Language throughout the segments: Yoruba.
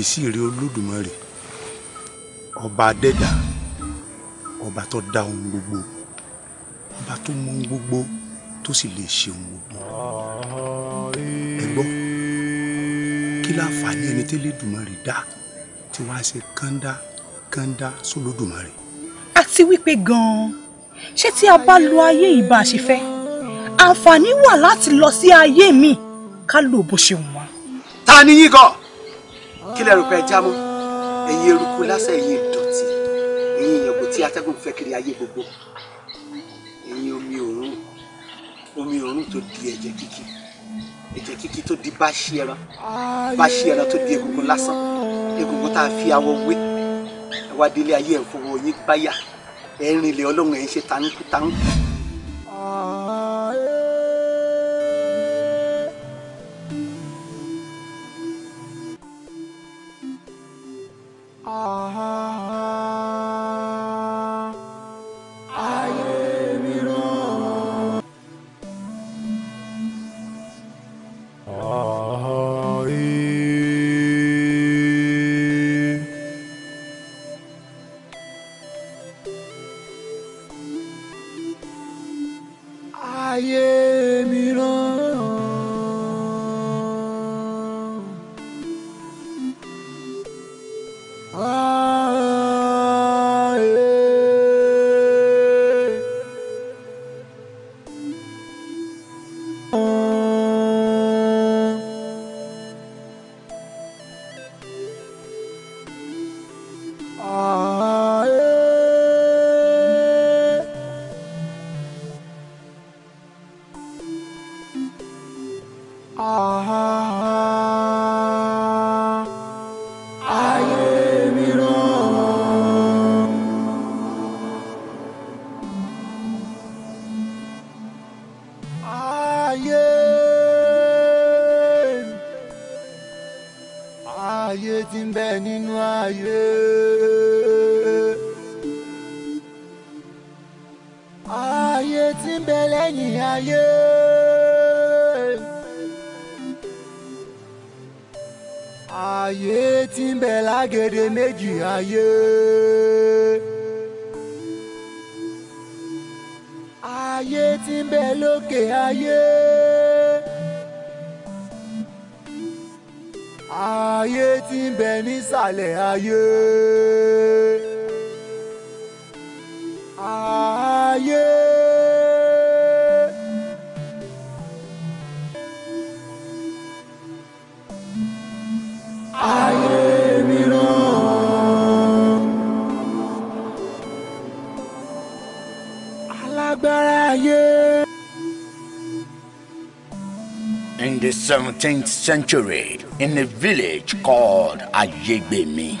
kábíyèsí rẹ olódùmarè ọba adẹ́dà ọba tó dá ohun gbogbo ọba tó mọ ohun gbogbo tó sì lè ṣe ohun gbogbo ẹ gbọ́ kí láǹfààní ẹni tí Elédùmarè dá tí wàá ṣe kàńdá kàńdá sólódùmarè. àti wípé gan-an ṣé tí a bá lo ayé yìí bá a ṣe fẹ́ àǹfààní wà láti lọ sí ayé mi ká lò bó ṣe wù ta ni yín kọ́ kí lẹ rò já mọ́ ẹ̀yin eruku lásán ẹ̀yin ìdọ̀tí ẹ̀yin ìyàngò tí atẹ́gùn fẹ́ kiri ayé gbogbo ẹ̀yin omi òórùn omi òórùn tó di ẹ̀jẹ̀ kíkì ẹ̀jẹ̀ kíkì tó di báṣí ẹran báṣí ẹran tó di egungun lásán egungun tá a fi awọ wé ẹ délé ayé ẹ̀ yín báyà ẹ̀ ọlọ́run ẹ̀ ń ṣe tankú ti ń bẹ nínú ayé. Ayé ti ń bẹ lẹ́yìn ayé. Ayé ti ń bẹ lágede méjì ayé. Ayé ti ń bẹ lókè ayé. ayé tí ń bẹ nísàlẹ̀ ayé. 17th century in a village called Ayegbemi.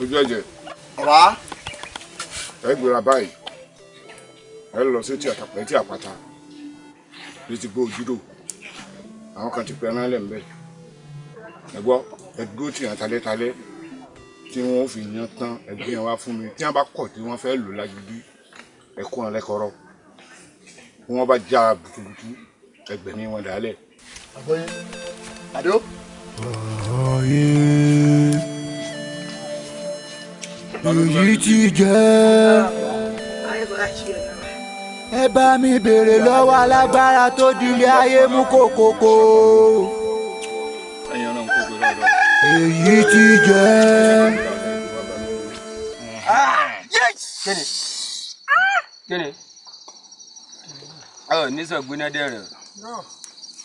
ojú ẹ̀jẹ̀ ẹ gbéra báyìí ẹ lọ sí ti àtàpẹ́ tí àpáta bí ti gbó ojúdò àwọn kan ti pẹ́ náà lẹ̀ ń bẹ̀ ẹ gbọ́ ẹ dúró tì yàn talẹ́talẹ́ tí wọ́n fi yan tán ẹgbẹ́ yẹn wá fún mi tí wọ́n bá kọ̀ tí wọ́n fẹ́ lò lágídí ẹ̀kọ́ wọn lẹ́kọ̀ọ́rọ́ wọ́n bá já butubutu ẹgbẹ̀mí wọn dálẹ̀. àgbọ̀yé àdó. ọ̀yẹ́ èyí ti jẹ́. ẹ bá mi béèrè lọ́wọ́ alágbára tó dilé ayé mú kókókó. èyí ti jẹ́. kéde kéde ọ ní sọ gbóná dẹrẹ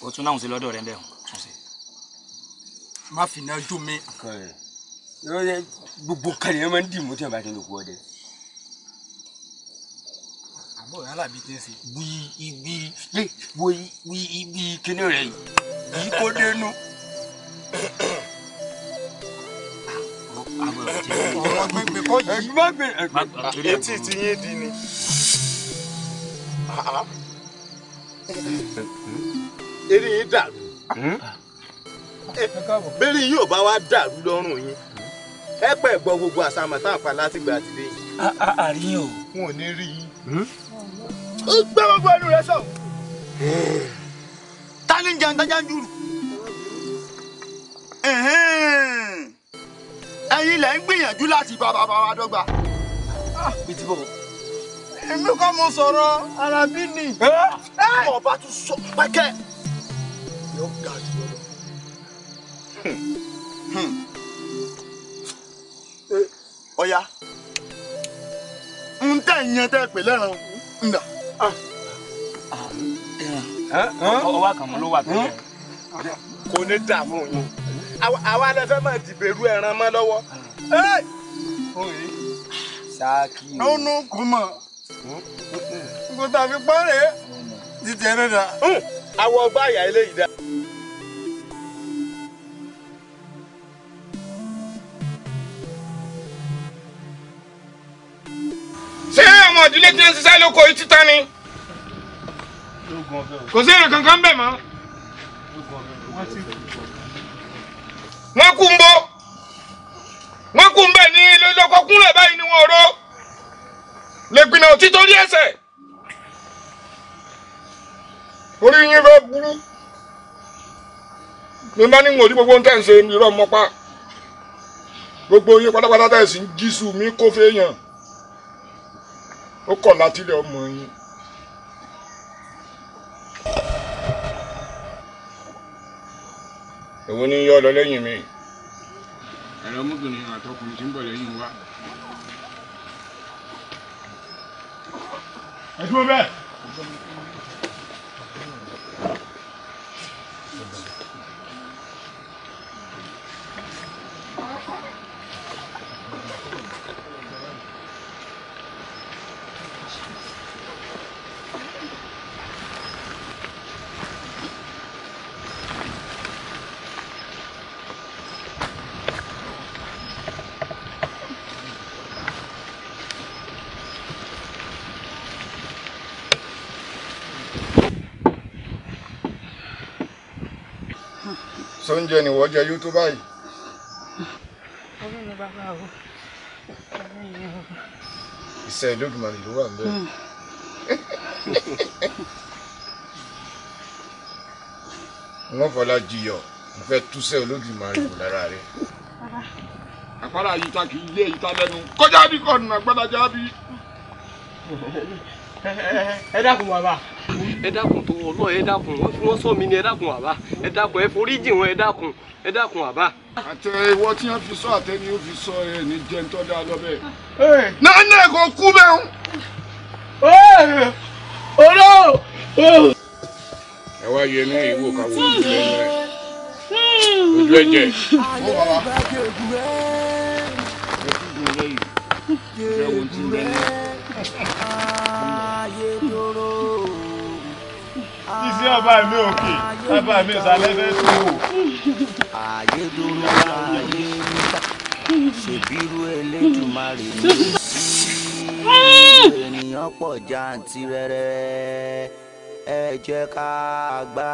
o tún náà ń ṣe lọ́dọ̀ rẹ bẹ́ẹ̀ o má fi iná jó mi. gbogbo kàlẹ́ yẹn máa ń dì mú tí wọ́n bá ti ń lòkù ọdẹ. àbọ̀ yàrá bíi ti ń ṣe. wí ibi wí ibi kíní rẹ̀ yìí kó dénú. ọ̀rọ̀ gbẹgbẹ kọ́ yìí. etí ti yín di ni. eré yín dàbí. Hmm? bẹ́ẹ̀ni yóò bá wa dàrú lọ́rùn yín ẹ pẹ́ gbọ́ gbogbo àsàmọ̀ tá à ń pa látìgbà àtìlẹ yìí. àárín o. wọn ò ní rí yín. Hmm? gbé gbogbo ẹnu rẹ sọ. ta ni jàǹdájà ń jùrù. ẹ̀yin lẹ ń gbìyànjú láti bá bàbá wa dọ́gba. Ah, èmi kọ́ mo sọ̀rọ̀ arábí ni. ọba tún sọ pẹ́kẹ́. yóò ga jù ọ̀ya hmm. ń tẹ̀ yan tẹ́ pè lẹ́ran ńdà. ọwọ́ kan ló wà tẹ́lẹ̀. kò ní dààmú yín àwa lè fẹ́ máa dìbèrú ẹran mọ́ lọ́wọ́. sáàkì. nínú kùmọ̀ nǹkan hmm. tá a fi pọ́n rèé ti tẹ̀ ẹ́ dẹ́ta. àwọ̀ ọgbà àyà eléyìí dá. ìdílé tí wọ́n ń ṣiṣẹ́ lóko yìí títà ni kò sí èrè kankan bẹ̀ mọ́ wọ́n kú ń bọ́ wọ́n kú ń bẹ̀ ní lọ́kọ́ kúnlẹ̀ báyìí ni wọ́n rọ́ lè gbìnà òtí torí ẹsẹ̀ orí yín fẹ́ burú mi bá ní wòlí gbogbo tẹ̀ ń ṣe irọ́ mọ́pá gbogbo yín pátápátá tẹ̀ sí jísù mi kó fẹ́ yàn ó kọ̀ látílẹ̀ ọmọ yín. èwo ni yọ lọ lẹ́yìn mi. ẹ̀rọ ọmọbìnrin àtọkùnrin tí ń bọ̀ lẹ́yìn wa. ẹ dúró bẹ́ẹ̀. Thank you. oúnjẹ nìwọ jẹ yóò tó báyìí. ọdún ni bàbá o ọdún yìí o. iṣẹ́ Olódùmarè ló wà ń bẹ̀. wọ́n fọlá jiyọ̀ mo fẹ́ túṣẹ́ Olódùmarè kò lára rẹ̀. àpárá yìí ta kì í yé èyí ta lẹ́nu kọjá bí kọ́ọ̀nù àgbàdàjà bí. ẹ dákun bàbá ẹ dákun tó wọ náà ẹ dákun wọn fi wọn sọ mi ni ẹ dákun àbá ẹ dákun ẹ forí jì wọn ẹ dákun ẹ dákun àbá. àtẹ ìwọ tí wọn fi sọ àtẹ ni ó fi sọ ẹ ní jẹ ń tọ́jà lọ́bẹ̀. náà ẹ̀kọ́ kú bẹ́ẹ̀ ọ̀rọ̀ ẹ wá yẹ ní ìwò ká wo ojú ẹnu ẹ ojú ẹjẹ. ẹ wo ti rẹ ní. tí ọba mi òkè ọba mi ìsàlẹ̀ fẹ́ tó wò. ààyè dúró láàyè ṣèbírú elédùnmarè ní hmm. ènìyàn pọ̀ jàǹtìrẹrẹ ẹ jẹ́ ká gba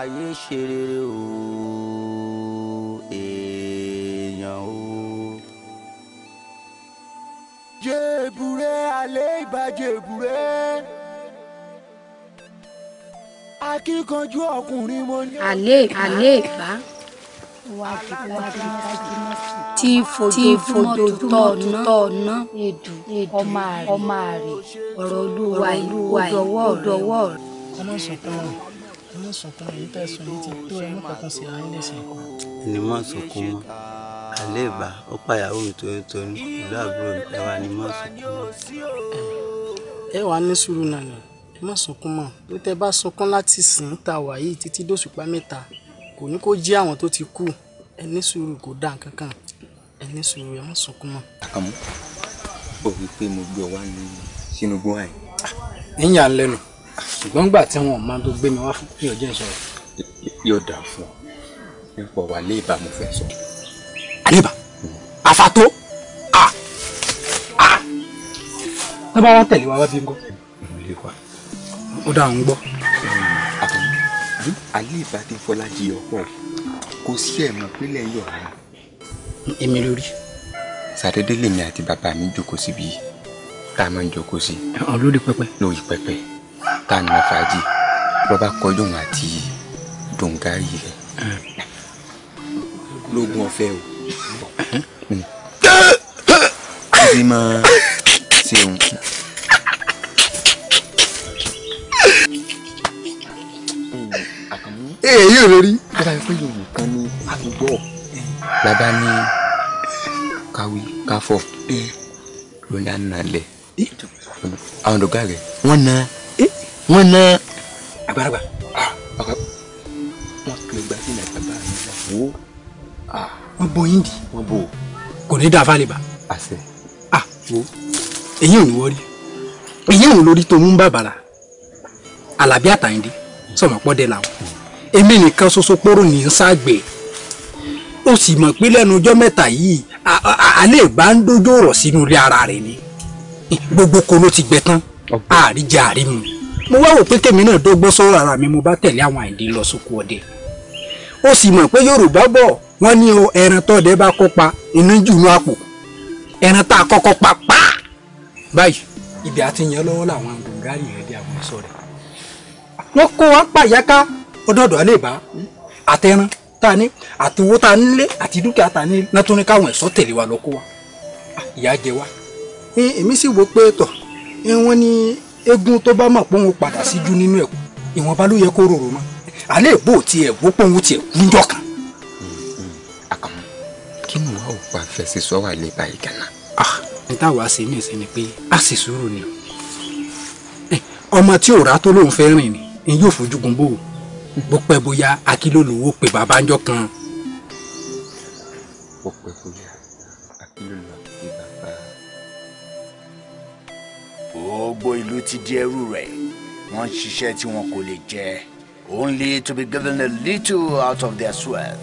ayé ṣe rere o èèyàn o. jèbùrẹ́ alẹ́ ìbàjẹ́ bùrẹ́ akíkanjú ọkùnrin mo ní. àlè àlè bá tí fojú tọ́ tọ́ ná èdù ọmọ rẹ̀ ọ̀rọ̀ olúwa ìlúwa ìdọ̀wọ́ rẹ̀. ọmọ sọ̀kan rẹ̀ ọmọ sọ̀kan rẹ̀ nípa ẹ̀sùn yìí ti tó ẹnu kankan sí ara nílẹ̀ ẹni mọ̀ sọ̀kan mọ́ àlè ìbá ó pàyàwó mi tóyótóyó ìlú àbúrò mi ni mọ̀ sọ̀kan mọ́. ẹ wàá ní sùúrù náà ẹ má sunkún mọ́ tó tẹ bá sunkún láti sìn ta wà yìí títí dòṣùpá mẹ́ta kò ní kó jí àwọn tó ti kú ẹ ní sùúrù kò dá nǹkan kan ẹ ní sùúrù ẹ má sunkún mọ́. àmọ́ bọ̀ wípé mo gbé ọ wá ní Tinubu àì. Ah, níyà ń lẹnu ṣùgbọ́n gbà tí wọn máa tó gbé mi wá fún yóò jẹ́ ìṣòro. yóò dà fún ọ nípa wà lé ìbámu fẹ́ sọ. àlébà àfàtó a a. tó ah, ah. bá tẹ̀lé wa wá bí n kọ́ ó dà ń gbọ́. Hmm, hmm? alẹ́ ìbàdí fọlájì ọ̀pọ̀ kò sí ẹ̀mọ pínlẹ̀ yọ̀ ọ́. èmi lórí. sàdédé lèmi àti bàbá mi jókòó síbi tá a máa ń jókòó sí. olórí pẹpẹ. lórí pẹpẹ tá a nà fàájì lọ́ba kọjú òun àti dòǹgárì rẹ̀. lóògùn ọ̀fẹ́ o. Hmm. ṣé máa ṣe èyí ò lórí. bàbá yìí pé yorùbá kan ní àdúgbò bàbá ní káwí káfọ ló ní ànálẹ àwọn ọ̀dọ́gá rẹ̀ wọ́n na wọ́n na àgbàlagbà ah, ah, wọ́n kiri gba sí ìlànà bàbá mi wo. Ah. wọ́n bo yín di. wọ́n bo. kò ní dáa fálẹ̀ bá. àṣẹ. à wo èyí ò ní wọ́rí èyí ò lórí tó mú bàbàrà Àlàbí Àtàyìndé sọ̀mọ́pọ́ dé làwọn èmi nìkan ṣoṣo pòrò ní í ṣàgbé ó sì mọ̀ pé lẹ́nu ọjọ́ mẹ́ta yìí alẹ́ ìgbà ń dójú ọ̀rọ̀ sínú ilé ara rẹ̀ ni gbogbo kolo ti gbẹ tán àríjẹ àrímu mo wá wò pé tèmi náà dógbọ́n sọ́rọ̀ ara mi mo bá tẹ̀lé àwọn àìdí lọ sóko ọdẹ ó sì mọ̀ pé Yorùbá bọ̀ wọ́n ní o ẹran tọ́dẹ bá kópa inú jùlọ àpò ẹran tá a kọ́kọ́ pa pa báyìí ibi àti yan lọ́wọ́ làwọn gbòǹgárì rẹ̀ dé àwọn ẹ̀ṣọ́ rẹ̀ wọ́n kó wọn pàyàká ó dọ̀dọ̀ alẹ́ ìbá àtẹran tá a ní àti tá a nílé àti dúkìá tá a nílé náà tó ní káwọn ẹ̀ṣọ́ tẹ̀lé wa lọ kó wa ah, ìyá jẹ wa. èmi sì wò pé tọ̀ wọ́n ní eégún tó bá mọ̀ pé òun padà síjú nínú ẹ̀kú ìwọ̀nba ló yẹ kó rorò mọ́ alẹ́ ìbò tiẹ̀ wó pé òun tiẹ̀ kúndọ̀ kan. Hmm, hmm, àkàmú kí ni wàá ò pa fẹsẹ̀ sọ́wọ́ ilé báyìí gánà. Ah, ní táwa ṣe ní ìsinmi pé a sì sùúrù ni eh, ọmọ tí ò rà tó lóun fẹ́ rìn ni yóò fojú gun bóun bó pẹ́ bóyá akílólùwò pè bàbá ńjọ́ kan. bó pẹ́ bóyá akílólùwò pè bàbá. gbogbo ìlú ti di ẹrú rẹ̀ wọ́n ń ṣiṣẹ́ tí wọn kò lè jẹ only to be given a little out of their wealth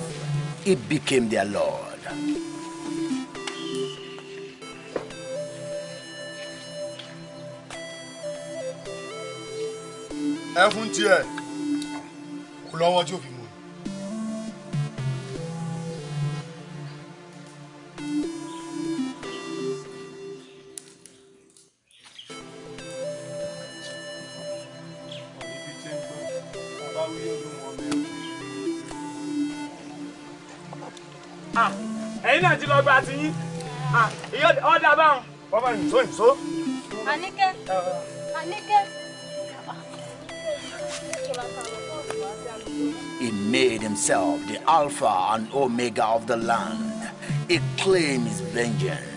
it became their lord. ẹ fún tiẹ̀ lọ́wọ́ tí ó fi mú un. Ah, ẹ̀yin náà ti lọ gba ti yín ah, ọ̀dà báwọn. bàbá yìí so yìí so. àníkẹ́ eh, eh. àníkẹ́. made himself the Alpha and Omega of the land. It claims vengeance.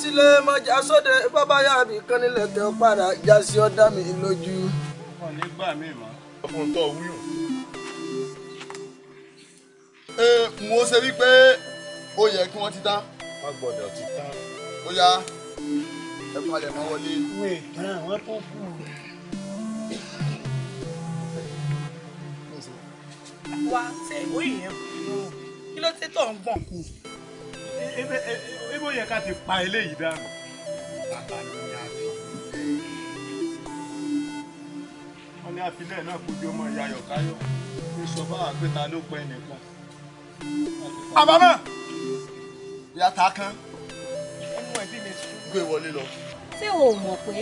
sílé má já sóde bàbá yá mi kan nílẹ̀ tẹ ọ padà já sí ọ̀dá mi lójú. wọn ní gbà mí mọ. ọkùnrin tó ṣe wípé ó yẹ kí wọ́n ti tán. ó yá ẹ palẹ̀ mọ́ wọlé. wọ́n ètàn wọ́n yẹn kí ló ti tọ̀ ń gbọ̀n kù bó yẹ ká ti pa eléyìí dànù. wọ́n ní àfilẹ̀ náà kojú ọmọ ìyá yọ̀káyọ̀ ní sọ bá ló pẹ́ nìkan. àbámọ̀ ìyàtà kan inú ẹbí mi gbé wọlé lọ. ṣé o mọ̀ pé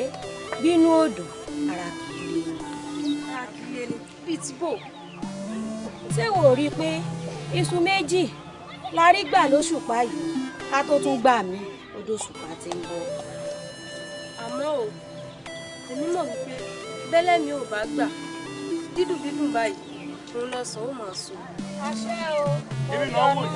bínú odò ara kìí lé ni pitbull ṣé o rí i pé iṣu méjì la rí gbà lóṣù pa yìí ká tó tún gbà mí odò ṣùpá ti ń bọ̀. àmọ́ o èmi mọ̀ wípé bẹ́lẹ̀ mi ò bá gbà dídùn dídùn báyìí òun lọ́sàn-án ó máa sùn. àṣẹ o. èmi náà wò ní.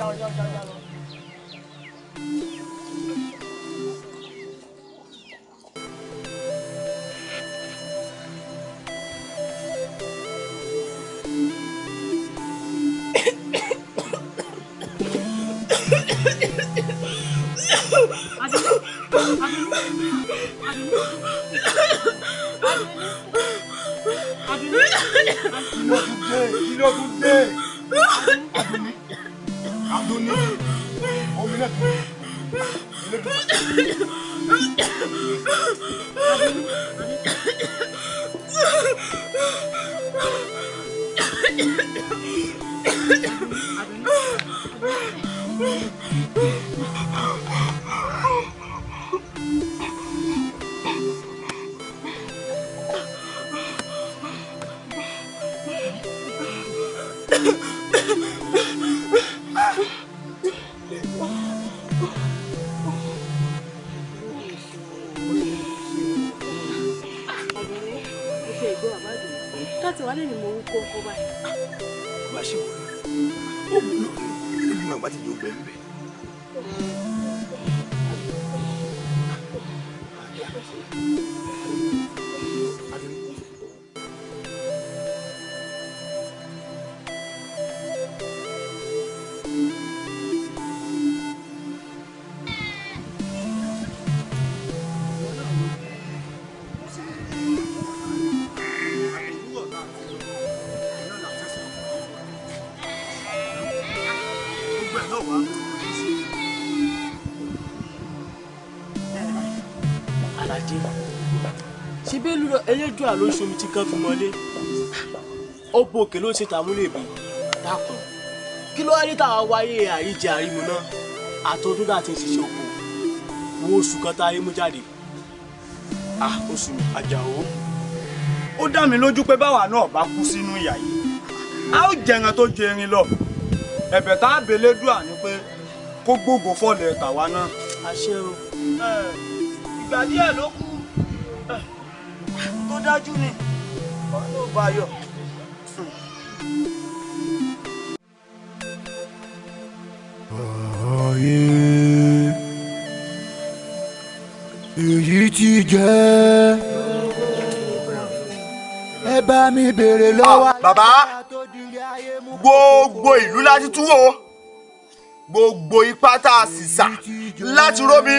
Ìlọ́gúndé Adúní Adúní omi náà tó Adúní. ti wá lẹ́nu mo wúkọ́ kó báyìí. bá a ṣe wọ ọ mú lọ ẹbí màgbà ti jọ bẹ́ẹ̀ bẹ́ẹ̀. Thank you. ojú àlọ́ ìṣomi tí kan fi mọ́lé ó bo òkè ló ń ṣe tàmúlèbè dákun kí ló wá ní táwa wáyé àyíjẹ àrímu náà àtọdún láti ń ṣiṣẹ́ oko wo oṣù kan tá a rí mú jáde ah oṣù mi àjàó. ó dá mi lójú pé báwa náà bá kú sínú ìyà yìí a ó jẹran tó ju erin lọ ẹ̀bẹ̀ tá a belé dùà ni pé kó gbogbo fọlẹ tàwa náà. àṣẹ o ìgbà díẹ̀ ló kù tó dájú ni ọ̀nà ò bá yọ. ayé èyí ti jẹ́ ẹ bá mi béèrè lọ́wọ́. Ah, bàbá gbogbo ìlú láti túwò gbogbo ipá tá a sì sà láti rómi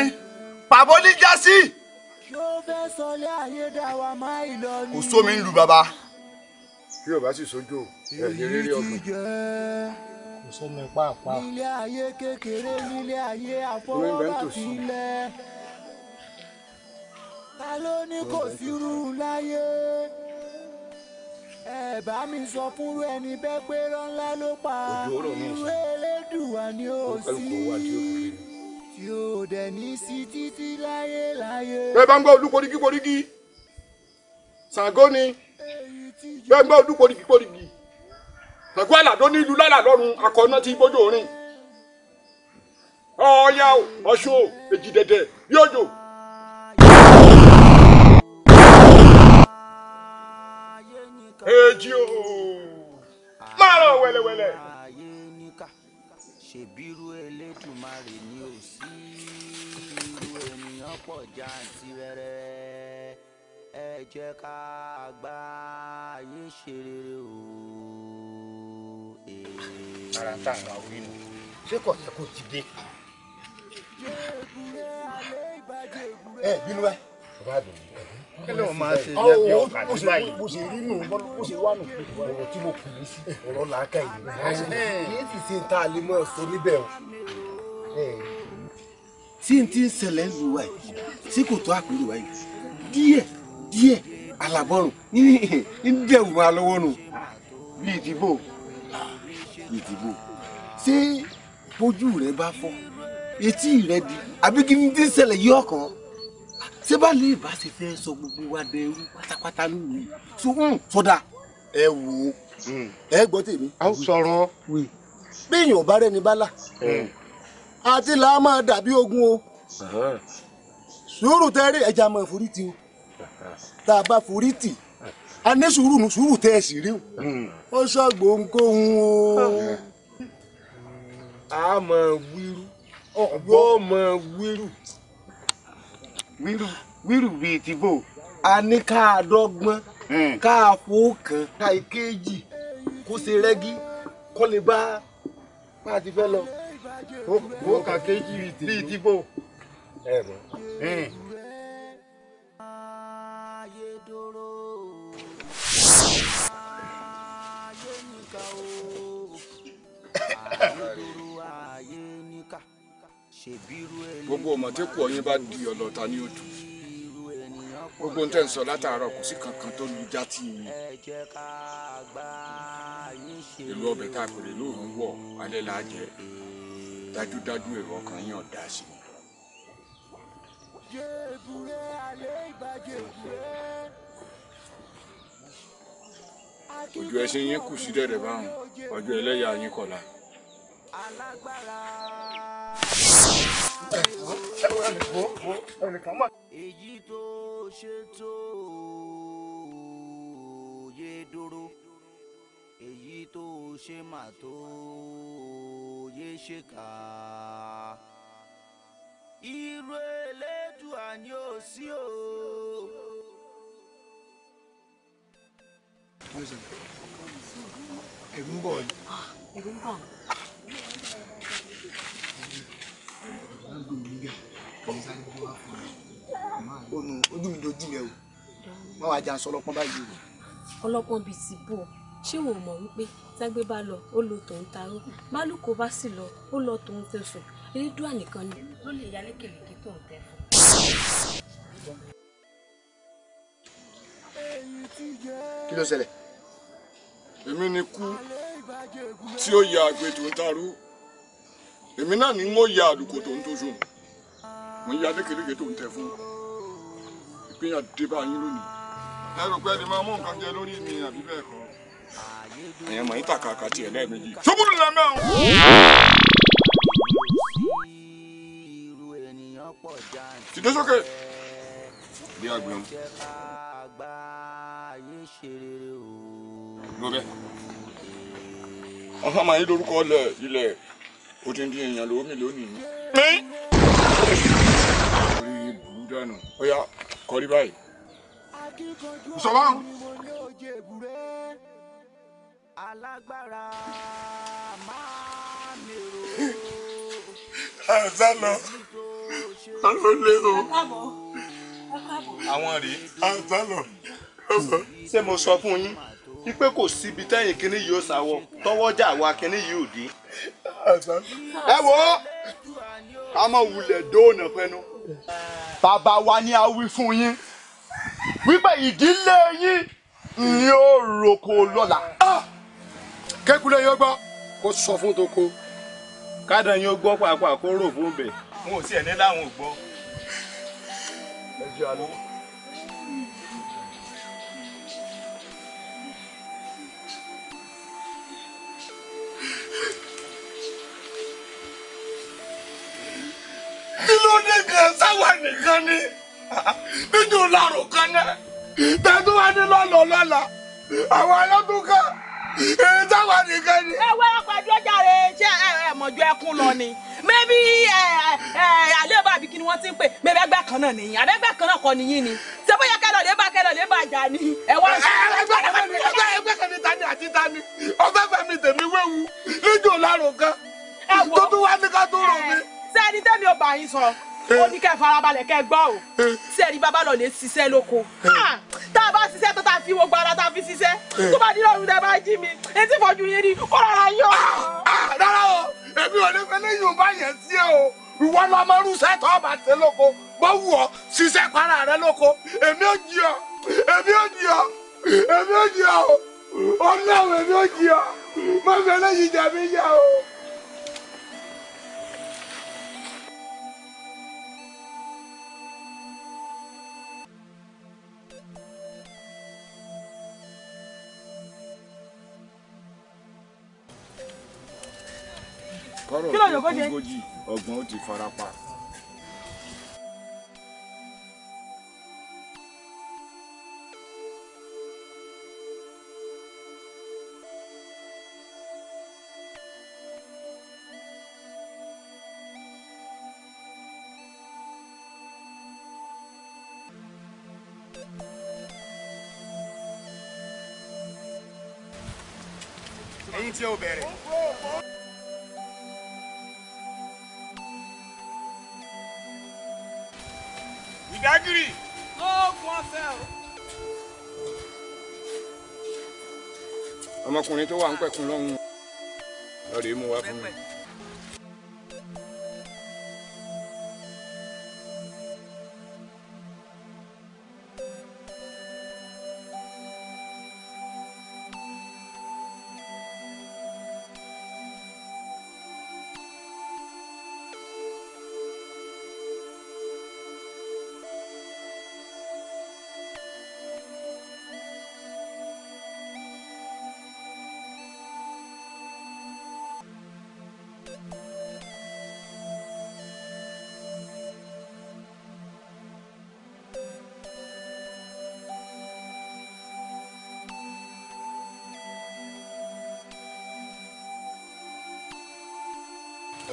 pàbó ní jásí ló fẹ́ sọlé ayédáwà má ìlọ ni. kò sómi ń lu bàbá. bí o bá sì sójú ẹ lè rí ọgbìn. kò sómi pàápàá. nílé ayé kékeré nílé ayé àfọwọ́bàbílẹ̀. ta ló ní kò sírú láyé. ẹ bá mi sọ fúnrú ẹni bẹ́ẹ̀ pé rán ńlá ló pa irú elédùn wa ni ó sí tí ó dẹ̀ ní sí títí láyé láyé. bẹ́ẹ̀ bá ń gbọ́ olú koríki koríki ni bẹ́ẹ̀ ń gbọ́ olú koríki koríki Ṣàngó àlàdó ní ìlú lálà lọ́run akọ̀nà ti bójú orin ọ̀ọ́yá ọ̀ṣun èjì dẹ̀dẹ̀ yóò jò. èjì o máa rọ wẹ́lẹ́wẹ́lẹ́ ṣèbírú elédùnmarè ni ò sí irú ènìyàn pọ̀ jàǹtìrẹrẹ ẹ jẹ́ ká gba ayé ṣe rere o. ara tá a ra nù ṣé kò yẹ kó ti dé. ẹ bínú ẹ kí ló máa ṣe ní ọkà tí báyìí. bó ṣe rí nù bó ṣe wà nù ọ̀rọ̀ tí mo kù mí sí ọ̀rọ̀ làákà yìí kì í sì ṣe ta o. tí n ti ń ṣẹlẹ̀ lu wa yìí tí kò tó àpérò wa yìí díẹ̀ díẹ̀ alàbọ̀rùn ní dẹ̀wù wa lọ́wọ́ nù bí ìdìbò ìdìbò ṣé bójú rẹ bá fọ́ etí rẹ di àbí kí n ti ń ṣẹlẹ̀ yí ọkàn ṣé bá lè bá ṣe fẹ́ sọ gbogbo wa dẹrú pátápátá lóru so hmm, sọdá ẹ wò ó hmm, ẹ gbọ́ tèmi. a ó sọ̀rọ̀. bí èèyàn bá rẹ́ni bá là hmm. àti là á máa dàbí ogun o sùúrù tẹ́rẹ́ ẹja máa forí ti o tá a bá forí tì a ní sùúrù nu sùúrù tẹ́ ẹ sì rí o ó sọ gbòǹkóhun o. a máa wíru ọ̀gbọ́n máa wíru wíru wíru bíi ti bò a ní ká a dọ́gbọ́n hmm. ká a fò kàn ká a kéèjì kó ṣe rẹ́gí kó lè bá a ti fẹ́ lọ. ó kà kéèjì bíi ti bò. gbogbo ọmọ tí kò ọyìn bá di ọlọta ní odù gbogbo ń tẹ̀ ń sọ látàárọ̀ kò sí kankan tó lu játì yín ìlú ọbẹ̀ tá a pèrè lóòrùn wọ̀ alẹ́ la jẹ dájúdájú èrò ọkàn yín ọ̀dà sí i. jẹ́bùrẹ́ alẹ́ ìbàjẹ́ ojú ẹṣin yín kù sí dẹ̀dẹ̀ báwọn ọjọ́ ẹlẹ́yà yín kọ̀la. alágbára èyí tó ṣe tó yé dúró èyí tó ṣe mà tó yé ṣe kà irú elédùà ni ó sí o. ẹ̀rù ń bọ̀ ni. Ah, ẹ̀rù ń bọ̀ ni. ònù ojú mi dojú rẹ o má wàá jà ń báyìí o. ọlọ́pọ́n bíi ti bò ṣé wò mọ̀ wípé tágbé bá lọ ó lo tòun taró bálùkù bá sì lọ ó lọ tòun tẹ̀sùn elédùà nìkan ni ló lè yálé kèlékè tòun tẹ̀ kí ló ṣẹlẹ̀. èmi ni kú tí ó ya àgbẹ̀ tòun taró èmi náà ni mo ya àlùkò tòun tó sùn mo ń ya lékeléke tó ń tẹ fún ìpínyà débà yín lónìí. ẹ rò pé ẹni máa mú nǹkan jẹ lórí mi àbí bẹ́ẹ̀ kọ́. ẹ̀yẹ́ mọ̀ ní tàkàkà tiẹ̀ lẹ́ẹ̀mejì. ṣubú ni lẹ́mẹ̀ o. tìdé sókè. bí a gbẹ̀rún. ló bẹ́ẹ̀. ọ̀sán máa ń lórúkọ ilẹ̀ ilẹ̀ ti ń di èèyàn lówó lónìí ojú ọ̀nà ó yá kọrí báyìí. sọ̀bá. alágbára máa ń èrò. àṣà lọ àwọn olè o. àwọn rèé. àṣà lọ. ṣé mo sọ fún yín wípé kò síbi tẹ́yìn kínní yìí ó sáwọ́ tọ́wọ́jà wa kínní yìí ò dé. ẹ wo ká mọ̀ wulẹ̀ dóònà pẹ́nu bàbá wa ni a wí fún yín wípé ìdílé yín ni ó roko lọ́la. Ah! kékulé yóò gbọ́ kó sọ fún toko kádàn yóò gbọ́ pàápàá kó rò fún bẹ̀ wọn ò tiẹ̀ ní láwọn ò gbọ́. ẹ jẹ́ àlọ́. kí ló dé gan sáwà nìkan ni nínú làrò kan náà tẹ̀tú wá ní lọ́lọ́ lọ́la àwọn alọ́tún kan èyí sáwà nìkan ni. ẹ wẹ́ ọ̀pẹ̀jọ́ jàre ṣé ẹ̀mọ̀jọ́ ẹkún lọ ni mẹ́bí àlébà àbí kí ni wọ́n ti ń pè mẹ́bí ẹgbẹ́ kan náà nìyí àbẹ́gbẹ́ kan náà kọ́ nìyí ni ṣé bóyá kẹ́lọ̀ lè bá kẹ́lọ̀ lè bá jà ni. ẹ̀wọ̀n ẹgbẹ́ kan ní ẹgbẹ́ ẹgbẹ́ kan ní tani àti tani ọ̀fẹ́fẹ́ mi tèmi wéwu níjò lárò kan tó tún wá ní ká tó rò mí sẹ́ni tẹ́mi ò bá yín sọ eh. ó ní kẹ́ farabalẹ̀ kẹ́ gbọ́ o tí eh. ẹ̀rí bàbá lọ lè ṣiṣẹ́ lóko eh. tá a bá ṣiṣẹ́ tó tá fi wo gbára tá a fi ṣiṣẹ́ tó bá dín lọ́rùn tẹ́ bá jí mi etí fọ́jú yín ni kó rárá yọ. Ah! Ah! rárá o èmi ò ní fẹ́ lẹ́yìn òun bá yẹn sí ẹ o ìwọ lọ mọ irúṣẹ́ tó bá ṣe lóko bó wù ọ́ ṣiṣẹ́ para rẹ lóko èmi ò jí ọ èmi ò jí ọ èmi ò jí ọ ọlọ́run èmi ò jí ọ mọ kọ́rọ̀ tó kún gójì ọgbọ́n ó ti fara pa. ẹ̀yin tí ó bẹ̀rẹ̀. pẹ̀kun lọ́hùn-ún mú wá fún mi.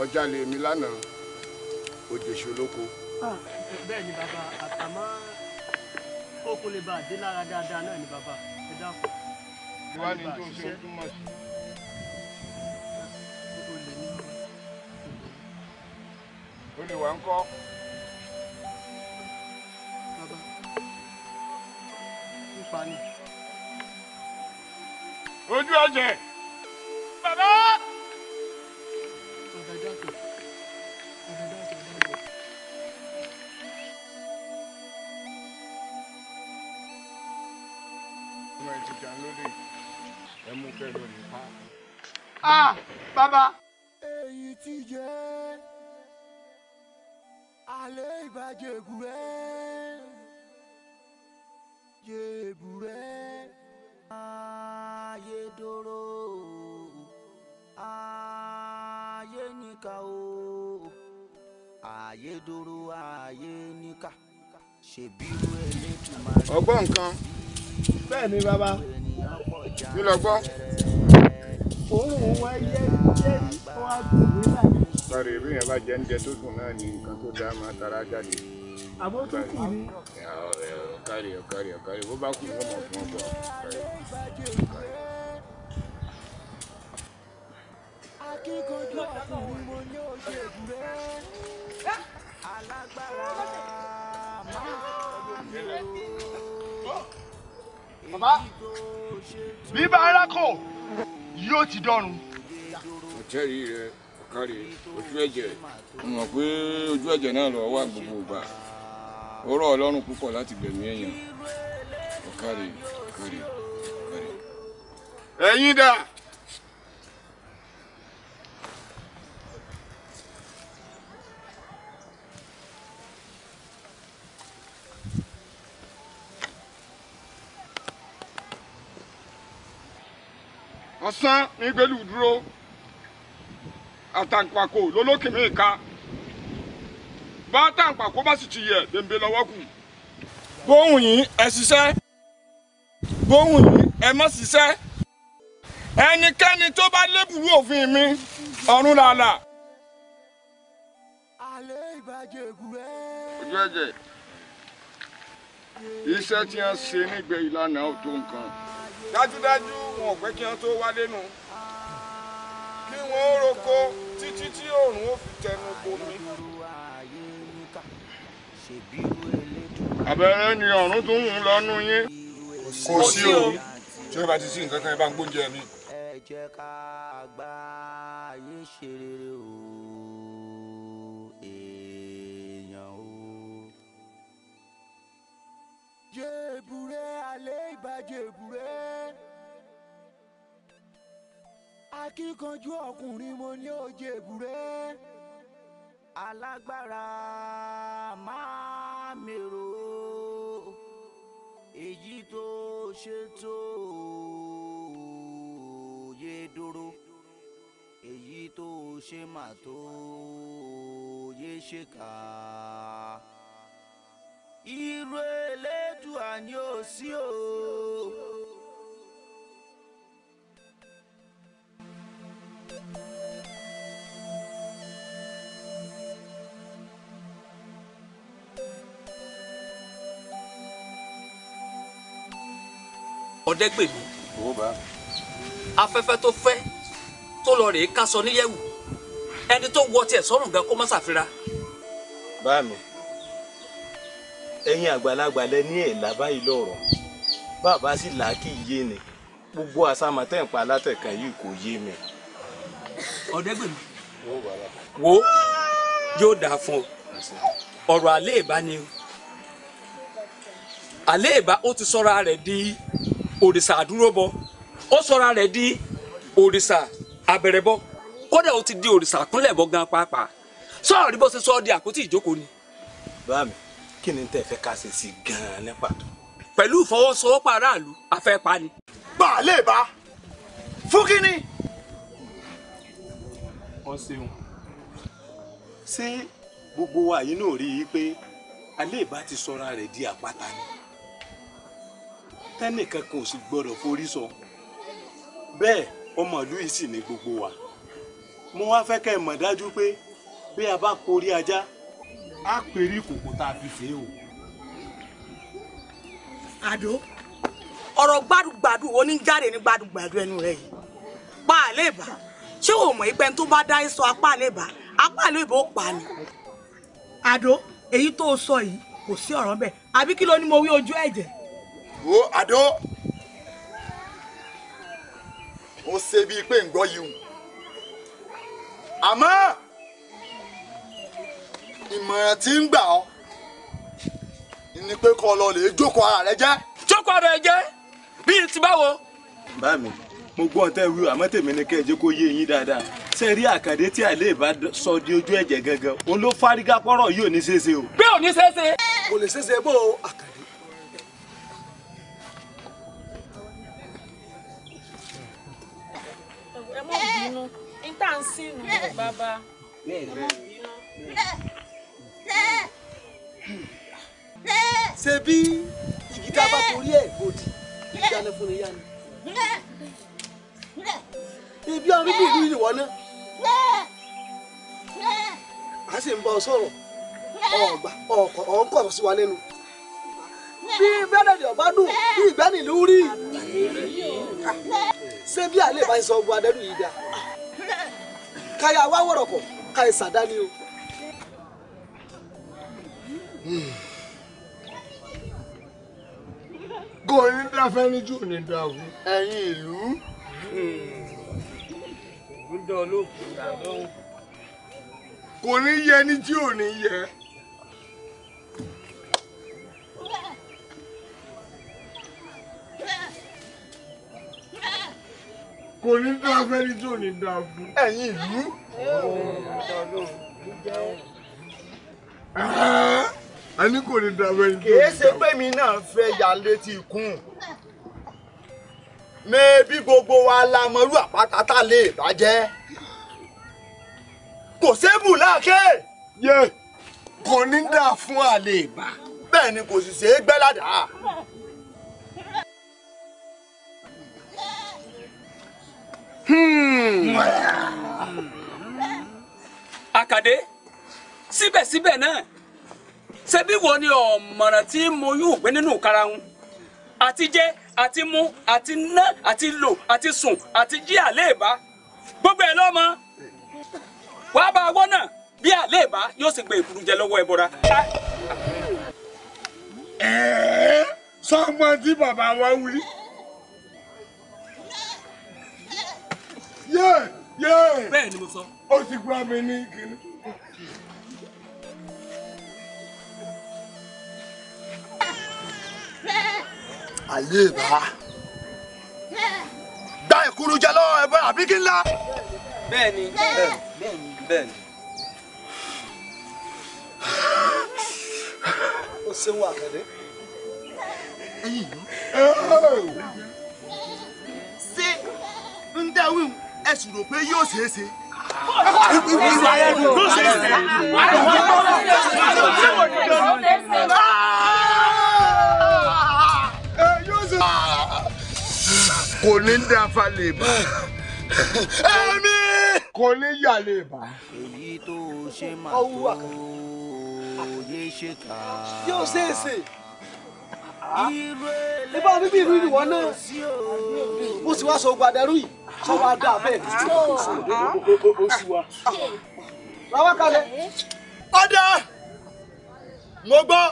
ọjà lè mi lánàá òjèṣe olóko. Ah, bẹ́ẹ̀ ni bàbá àtàmọ́ kókó lè bá àdé lára dáadáa náà ni bàbá ẹ dákun. ìwà ni tó ń ṣe ń túmọ̀ sí. olè wà ń kọ́. bàbá ń pa ni. ojú ọjẹ. alẹ́ ìgbà jèbùrẹ́ jèbùrẹ́ ayédòrò ayé níkà o ayédòrò ayé níkà ṣèbí irú elétò máa ń. ọgbọ́n nǹkan. bẹ́ẹ̀ ni bàbá. kí ló gbọ́. òun wá yẹ́rí yẹ́rí wá gùn nígbà yẹn sáré bí yẹn bá jẹ oúnjẹ tó dùn náà ni nǹkan tó dáa máa tara jáde. àmọ́ tó kù ni. ọ̀kàrí ọ̀kàrí ọ̀kàrí bó bá kù wọ́n mọ̀ fún ọgbà. akíkanjú ọkùnrin mo ní oṣù èbúrẹ́ alágbára máa bàbá yóò ti dọ̀run. ọ̀tẹ́rì rẹ̀ kárí ojú ẹ̀jẹ̀ mo mọ̀ pé ojú ẹ̀jẹ̀ náà lọ wà gbogbo ìgbà ó rọ̀ ọlọ́run púpọ̀ láti gbẹ̀mí èèyàn ó kárí kárí ẹ̀yin dà. ọ̀sán ní gbẹ́lú dúró àtàǹpàkò lólókìmí ìka bá tàǹpàkò bá sì ti yẹ bèbè lọ́wọ́ kù. bóhùn yìí ẹ ṣiṣẹ́ bóhùn yìí ẹ má ṣiṣẹ́ ẹnikẹ́ni tó bá lébùrú òfin mi ọ̀run làlà. alẹ́ ìbàjẹ́ ògùrẹ́. ojú ẹ̀jẹ̀ iṣẹ́ tí wọ́n ṣe nígbẹ̀ẹ́ ìlànà ò tó dájúdájú wọn ò pẹ́ kí wọ́n tó wálé nù kí wọ́n ó roko títí tí òòrùn ó fi tẹnu bomi. abẹ́rẹ́ ni ọ̀run tó ń mú lọ́nú yín. kò sí o tí wọ́n bá ti sí nǹkan bá ń gbóúnjẹ mi. ẹ ká gba ayé ṣe rere o èèyàn o. jẹ́ èbúrẹ́ akíkanjú ọkùnrin mo ní òjè èbúrẹ́ alágbára máa mèrò èyí tó ṣe tó yé dúró èyí tó ṣe mà tó yé ṣe kà á irú elédùà ni ó sí o. Si o. ọ̀dẹ́gbèlú afẹ́fẹ́ tó fẹ́ tó lọ rèé kásọ níyẹ̀wù ẹni tó wọ tiẹ̀ sọ́rùn gan kó má ṣàfira. báàmì ẹ̀yin àgbàlagbà lẹ ní èèlà báyìí lọ́rọ̀ bàbá sì là á kì í yé ni gbogbo àsàmọ̀tẹ́ǹpa alátẹ̀kàn yìí kò yé mi. ọ̀dẹ́gbèlú wo yóò dáa fún ọ ọ̀rọ̀ àléèbá ni àléèbá ó ti sọ́ra rẹ̀ di òrìṣà àdúróbọ ó sọra rẹ̀ di òrìṣà àbẹ̀rẹ̀bọ kódà ó ti di òrìṣà àkúnlẹ̀bọ gan pàápàá sọ̀rọ̀ rí bó ṣe sọ ọ́ di àpótí ìjókòó ni. bá mi kí ni tẹ́ fẹ́ ká ṣe sí gan-an ní pàtó. pẹ̀lú ìfọwọ́sowọ́pọ̀ aráàlú afẹ́pa ni. gbà lè bá fún kínní. wọ́n ṣeun. ṣé gbogbo wa yìí náà rí i pé àléébá ti sọra rẹ̀ di àpáta ni tẹ́nìkan kan ò sì gbọ́dọ̀ forí sọ bẹ́ẹ̀ ọmọ ìlú yìí sì ni gbogbo wa mo wá fẹ́ kẹ́ ẹ mọ̀ dájú pé bí a bá porí ajá á pèrí kòkó tá a fi fè é o. àdó ọ̀rọ̀ gbádùgbàdù wo ní jáde ní gbádùgbàdù ẹnu rẹ yìí pa àlébà ṣé o mọ̀ ìpẹ́ni tó bá dá sọ apá àlébà apá àlébà ó pa ni. àdó èyí tó o sọ yìí kò sí ọ̀rọ̀ bẹ́ẹ̀ àbí kí ló ní mo wí ojú ẹ̀jẹ̀ wo àdó o se bíi pé ń gbọ́ yìí o àmọ́ ìmọ̀ràn tí ń gbà ni pé kọ́ lọ lè jókòó ara rẹ jẹ́. jókòó ara rẹ jẹ́ bíi ti báwo. bá mi mo gbọ́ tẹ́ wíwò àmọ́ tèmi ni kẹ́ẹ̀jẹ́ kó yé yín dáadáa ṣe rí àkàndé tí àlè ìbá sọ di ojú ẹ̀jẹ̀ gangan òun ló fárígá pọ́rọ̀ yìí ò ní ṣeéṣe o. pé ò ní ṣeéṣe. kò lè ṣeéṣe bó o Sebi, sínú bàbá ṣe bí ìgídá bá torí ẹ̀ gbòdì ìgídá lẹ fún ìyá ni ibi ọmọ bíbí ìlú ìlú wọn náà a sì ń bọ sọ̀rọ̀ ọgbà ọkọ ọkọ sí wa lẹ́nu bí bẹ́ẹ̀dẹ̀dẹ̀ ọba dùn bí ìgbẹ́nìlú rí ṣé bí bá ń sọ ọgbà dẹ́rù yìí dáa káyà wá wọ̀rọ̀kọ̀ ká ẹ̀ sàdání o. kò ní dáfẹ́ níjú ò ní dáwọ́. ẹ̀yin ìlú. kò ní yẹ ní tí ò ní yẹ. kò ní dá fẹ́ni tí ò ní dá fún. ẹ̀yin ìlú. a ní kò ní dá fẹ́ni tí ò ní dá fún. kìí ṣe pé mi náà fẹ́ ya létí ikún mẹ́ẹ̀bí gbogbo wa la mọ̀rú àpáta tá a lè bàjẹ́ kò sébù láàkẹ́. yẹ kò ní dá fún àlè ìbá. bẹ́ẹ̀ ni kò sì ṣe é gbẹ́ Hmm. àkàdé síbẹ̀síbẹ̀ náà ṣebí wo ni ọ̀mọ̀ràn tí mo yóò gbé nínú karahun àti jẹ àti mu àti ná àti lò àti sùn àti jí àléèbá gbogbo ẹ̀ lọ́mọ wàá bá a wọ́n náà bí àléèbá yóò sì gbé ìkúrú jẹ lọ́wọ́ ẹbọra. ẹ̀ẹ́ sọ́mọ tí bàbá wa wí. bẹ́ẹ̀ ni mo sọ. ó sì gbá mi ní kíní. ayé bá gba ìkúrú jẹ lọ́wọ́ ẹ bá àbí kí ńlá. bẹ́ẹ̀ni bẹ́ẹ̀ni bẹ́ẹ̀ni. ó ṣeun àkàdé. ṣé ń dáwìn ẹ sì rò pé yóò ṣe. yóò ṣe. kò ní dáfa lè bá ẹ̀mí kò ní yà lè bá. èyí tó ṣe máa tó òye ṣe kà á. yóò ṣeé ṣe ibà bíbí ìlú ìlú wọn náà mo sì wá sọ gbàdẹrú yìí sọ wá dá bẹ́ẹ̀ ó sì wá. làwọn kalẹ̀. ọ̀dà mo gbọ́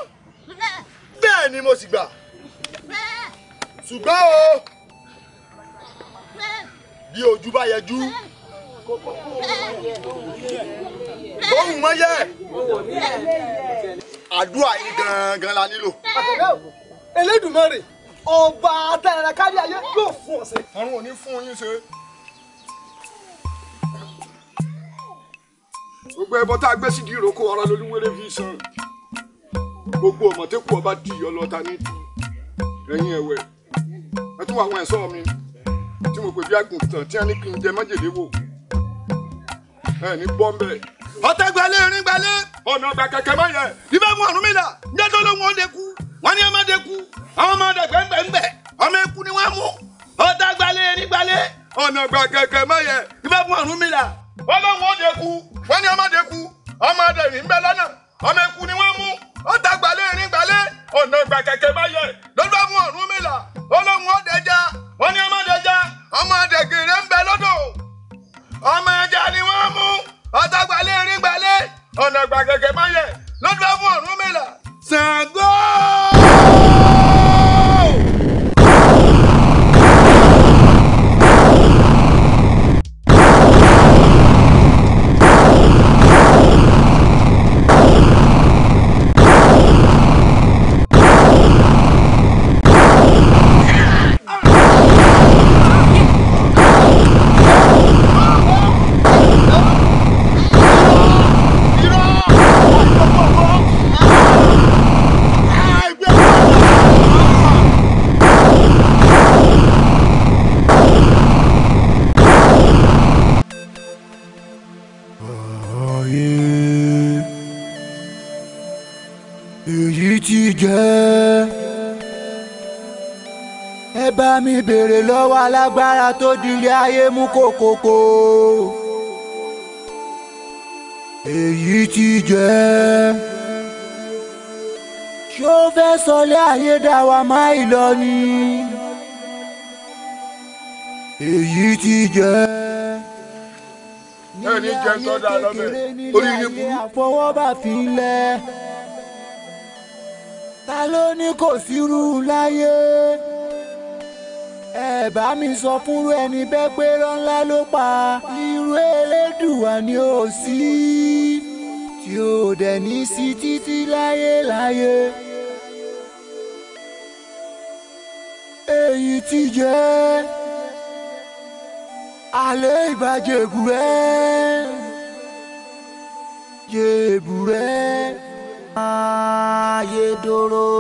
bẹ́ẹ̀ ni mo sì gbà ṣùgbọ́n o bí ojú bá yẹjú ohun mọ́ yẹ àdúrà yìí gan la nílò. Elédùmarè ọba adáyẹrẹ kárí ayé yóò fún ọ̀sẹ̀. àrùn ò ní fún yín ṣe. gbogbo ẹbọ tá a gbé sídìí ìrókò ọ̀rọ̀ lolúwẹ̀rẹ̀ fi san gbogbo ọ̀mọ̀tẹ́kù ọba di ọlọ́ta ní ti ẹ̀yìn ẹ̀wẹ̀ ẹ tún wà àwọn ẹ̀ṣọ́ mi tí mo pè bí àgùntàn tí a ní kí n jẹ májèlé wò ẹ ní bọ́ mbẹ́. ọ̀tẹ̀ gbalẹ̀ rin ọ̀nà ọgbà kẹ̀kẹ́ mọ́ yẹ ibà mú Ọ̀rúnmìlà ń jẹ́ tó lóun ó lè kú wọ́n ní ọmọdé kú àwọn ọmọdé gbẹ̀ngbẹ̀ngbẹ̀ ọmọ eku ni wọ́n mú ọ̀tá gbalẹ̀ ní gbalẹ̀ ọ̀nà gbàgẹ̀gẹ̀ mọ́yẹ ibà fún Ọ̀rúnmìlà. ọlọ́run ó dé kú wọ́n ní ọmọdé kú ọmọdé ní bẹ́ lọ́nà ọmọ eku ni wọ́n mú ọ̀tá gbalẹ̀ ní gbalẹ̀ ọ̀nà gbàgẹ̀gẹ̀ mọ́yẹ lọ́dọ̀ fún Ọ̀rúnmìlà ọlọ́run ó dé já wọ́n ní alágbára tó dilé ayé mú kókókó. èyí ti jẹ́. ṣó fẹ́ sọlé ayé dá wa má ìlọ ni. èyí ti jẹ́. ẹni jẹ sọdá lọ́bẹ̀ orí ni burú. àfọwọ́bà fi ń lẹ. ta ló ní kò sírú láyé ẹ bá mi sọ fúnrú ẹni bẹ́ẹ̀ pé rọ́nlá ló pa nírú elédùnwá ni ó sí tí ó dẹ̀ ní sí títí láyé láyé. èyí ti jẹ́ alẹ́ ìbàjẹ́ ègùrẹ́ yèbùrẹ́ ayédòrò.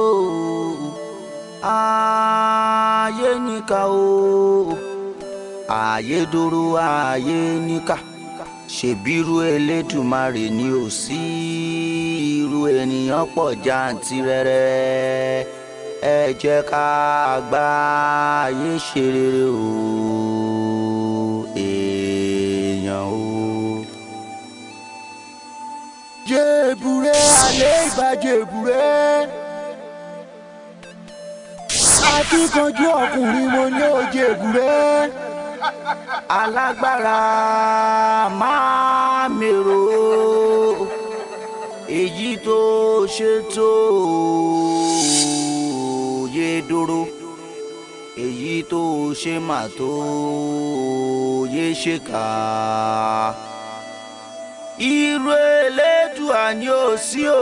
Ah ayé níkà o ayé dòrò ayé níkà ṣèbírú elédùmarè ni ò sí irú ènìyàn pọ̀ jàǹtìrẹrẹ ẹ jẹ́ ká gba ayé ṣe rere o èèyàn o. jèbùrẹ́ alẹ́ ìbàjẹ́ bùrẹ́ akíkanjú ọkùnrin mo ní oje ègúrẹ́ alágbára máa mèrò èyí tó ṣe tó yé dúró èyí tó ṣe mà tó yé ṣe kà irú elédùà ni ó sí o.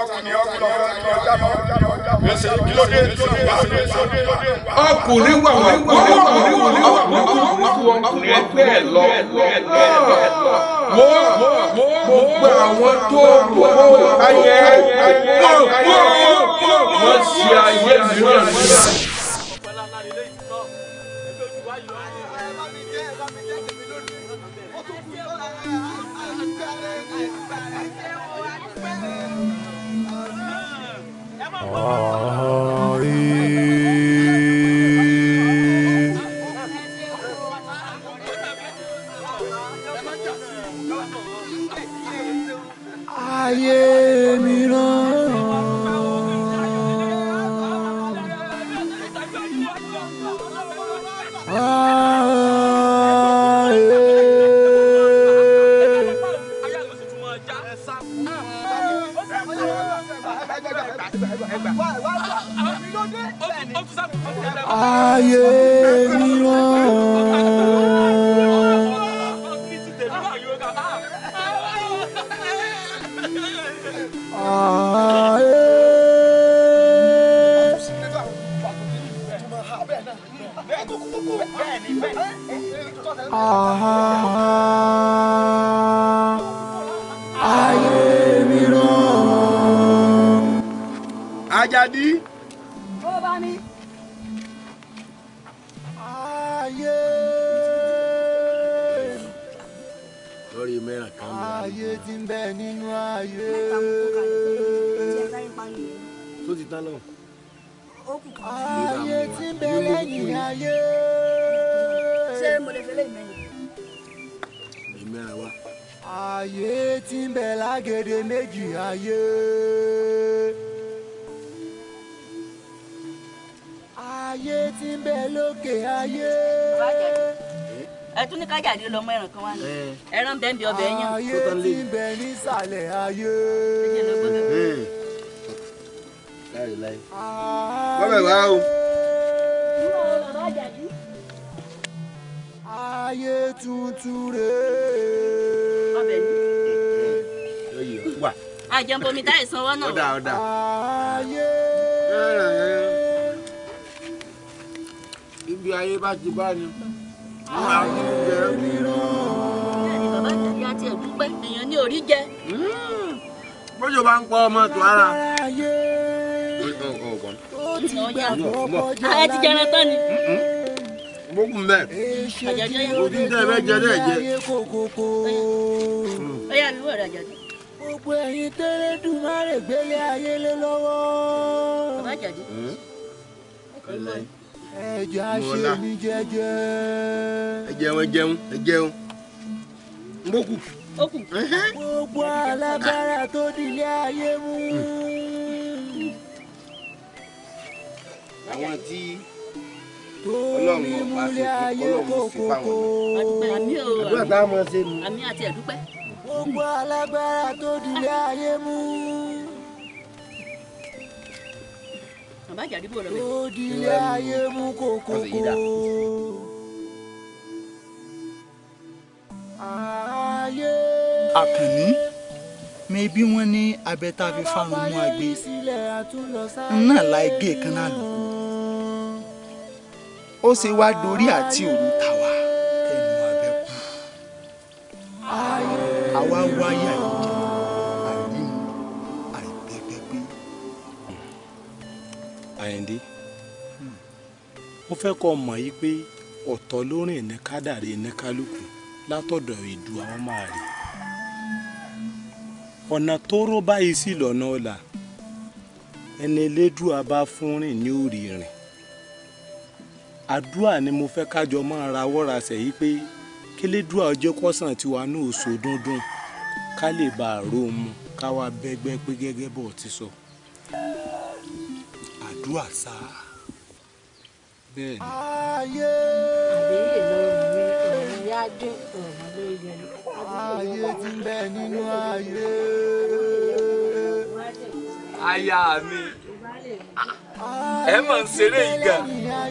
ọkùnrin wà wà ọkùnrin wà wà ọkùnrin ẹgbẹ́ ẹ lọ wọ́n gbogbo àwọn tó gbogbo ayẹ wọ́n ṣe ayé mìíràn nígbà. jáde lọmọ ẹran kan wá ní eh. ẹran bẹ́ẹ̀ bí ọbẹ̀ yẹn. ayé ti bẹ nísàlẹ̀ ayé. Eh. bọ́lẹ̀ wá o. ayé tuntun rèé. ọbẹ̀ yìí. àjẹmbomi táyì sanwó náà. ọ̀dà ọ̀dà. ayé. Eh. ibi ayé bá ti bá ni bàbá ìtàgé bójú bá ń pọ ọmọ tó ara. ayé ti jẹran tán ni. gbógun bẹ́ẹ̀ ojú tẹ́ ẹ jẹ dẹ́ jẹ. ó yà lúwọ̀ rẹ̀ àjàdí. gbogbo ẹ̀yin tẹ́lẹ̀ dùn má rè gbélé ayé lé lọ́wọ́. ẹjọ àṣẹ mi jẹjẹ. ẹ jẹun ẹ jẹun ẹ jẹun n bó kù. ó kù. gbogbo alágbára tó dilé ayé mú. àwọn tí ọlọ́run ọba fi ọlọ́run fi fáwọn ọmọ. àdúrà táwọn máa ṣe nù. àmì àti ẹ̀dúpẹ́. gbogbo alágbára tó dilé ayé mú. bàbá àjàdí bò lọ bẹ. òdìlé ayé mú kókókó. ayé. àkànní mi bí wọ́n ní abẹ́ta fi fárun mú agbe náà láì gé kan náà lò ó ṣe wá dorí àti òru tàwa. fẹ́ kọ́ mọ̀ yìí pé ọ̀tọ̀ ló rìn ní kádàrí ní kálukú látọ̀dọ̀ ìdù àwọn máa rí ọ̀nà tó ró báyìí sí lọ́nà ọ̀la ẹni elédùà bá fún rìn ní òrì rìn àdúrà ni mo fẹ́ kájọ máa rawọ́ rasẹ̀ yìí pé kélédùà ọjọ́ kọ́sàn tiwa náà sọ dúndún ká lè bá a ró mu ká wá bẹ́gbẹ́ pé gẹ́gẹ́ bọ̀ ti sọ àdúrà sáà bẹ́ẹ̀ ni. ayé àbíyè lórí ọ̀run yá dé ọ̀run lórí ẹni. ayé ti ń bẹ nínú ayé. aya mi ẹ mọ̀ ń ṣeré yìí gan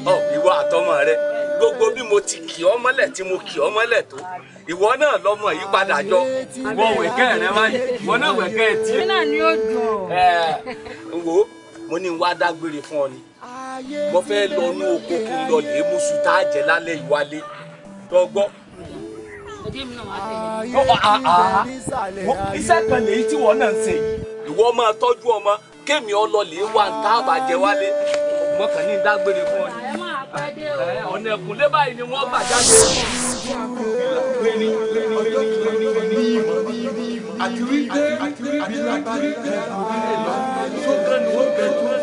ọ ìwọ àtọmọ rẹ gbogbo bí mo ti kì ọ mọ́lẹ̀ tí mo kì ọ mọ́lẹ̀ tó ìwọ náà lọmọ yìí padà jọ wọ wẹkẹ rẹ má ìwọ náà wẹkẹ tiẹ̀. mi ẹ wo mo ní wá dágbére fún ọ ni mo fẹ́ lọ inú oko kí n lọ lè mú sùtá jẹ lálẹ́ ìwálé tó gbọ́. iṣẹ́ kan lèyí tí wọ́n náà ń ṣe yìí ìwọ máa tọ́jú ọmọ kémi ọlọ́lẹ̀ wà ń tá àbàjẹ́ wálé ọgbọ́n kan ní dágbére fún ọ ni ọ̀nà ẹ̀kúnlé báyìí ni wọ́n bà jáde. àti wípé àti wípé àti wípé lọ sókè ni wọ́n bẹ̀ tó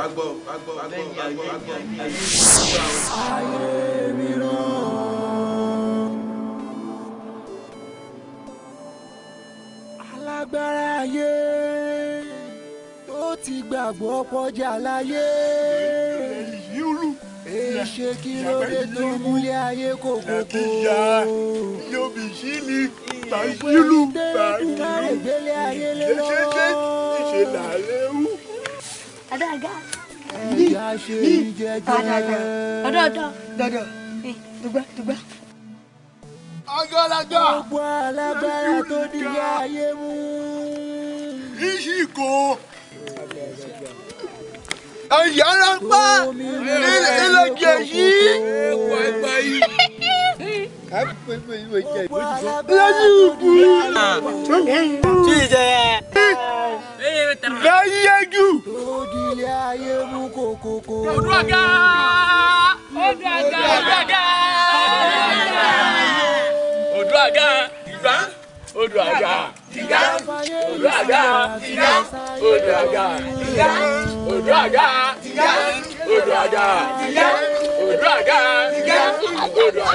gbàgbọ́ gbàgbọ́ gbàgbọ́ gbàgbọ́ gbàgbọ́. ayé mi rán. alágbára ayé tó ti gbàgbọ́ kọjá láyé. Èṣe kí ló dé tó múlé ayé kòkòkò? Yóò bí sí ni bàjúlù bàjúlù. Ìṣe ṣe ṣe ṣe làálẹ̀ wù adága ní ní adága ọdọọdọ dọdọ dùgbà dùgbà. agalaga gbogbo alágbára tó nílé ayé mú. ìṣìkò ẹ̀yára pa ìlẹ̀kẹ̀ yìí. ẹ̀wọ̀ ẹ̀gbà yìí. lọ́sibú. tí ì jẹ́ lọ́yẹ́jú. òdìlé ayé mú kókókó. odò àga odò àga odò àga odò àga ìgbà odò àga ìgbà odò àga ìgbà odò àga ìgbà odò àga ìgbà odò àga ìgbà odò àga ìgbà odò àga ìgbà odò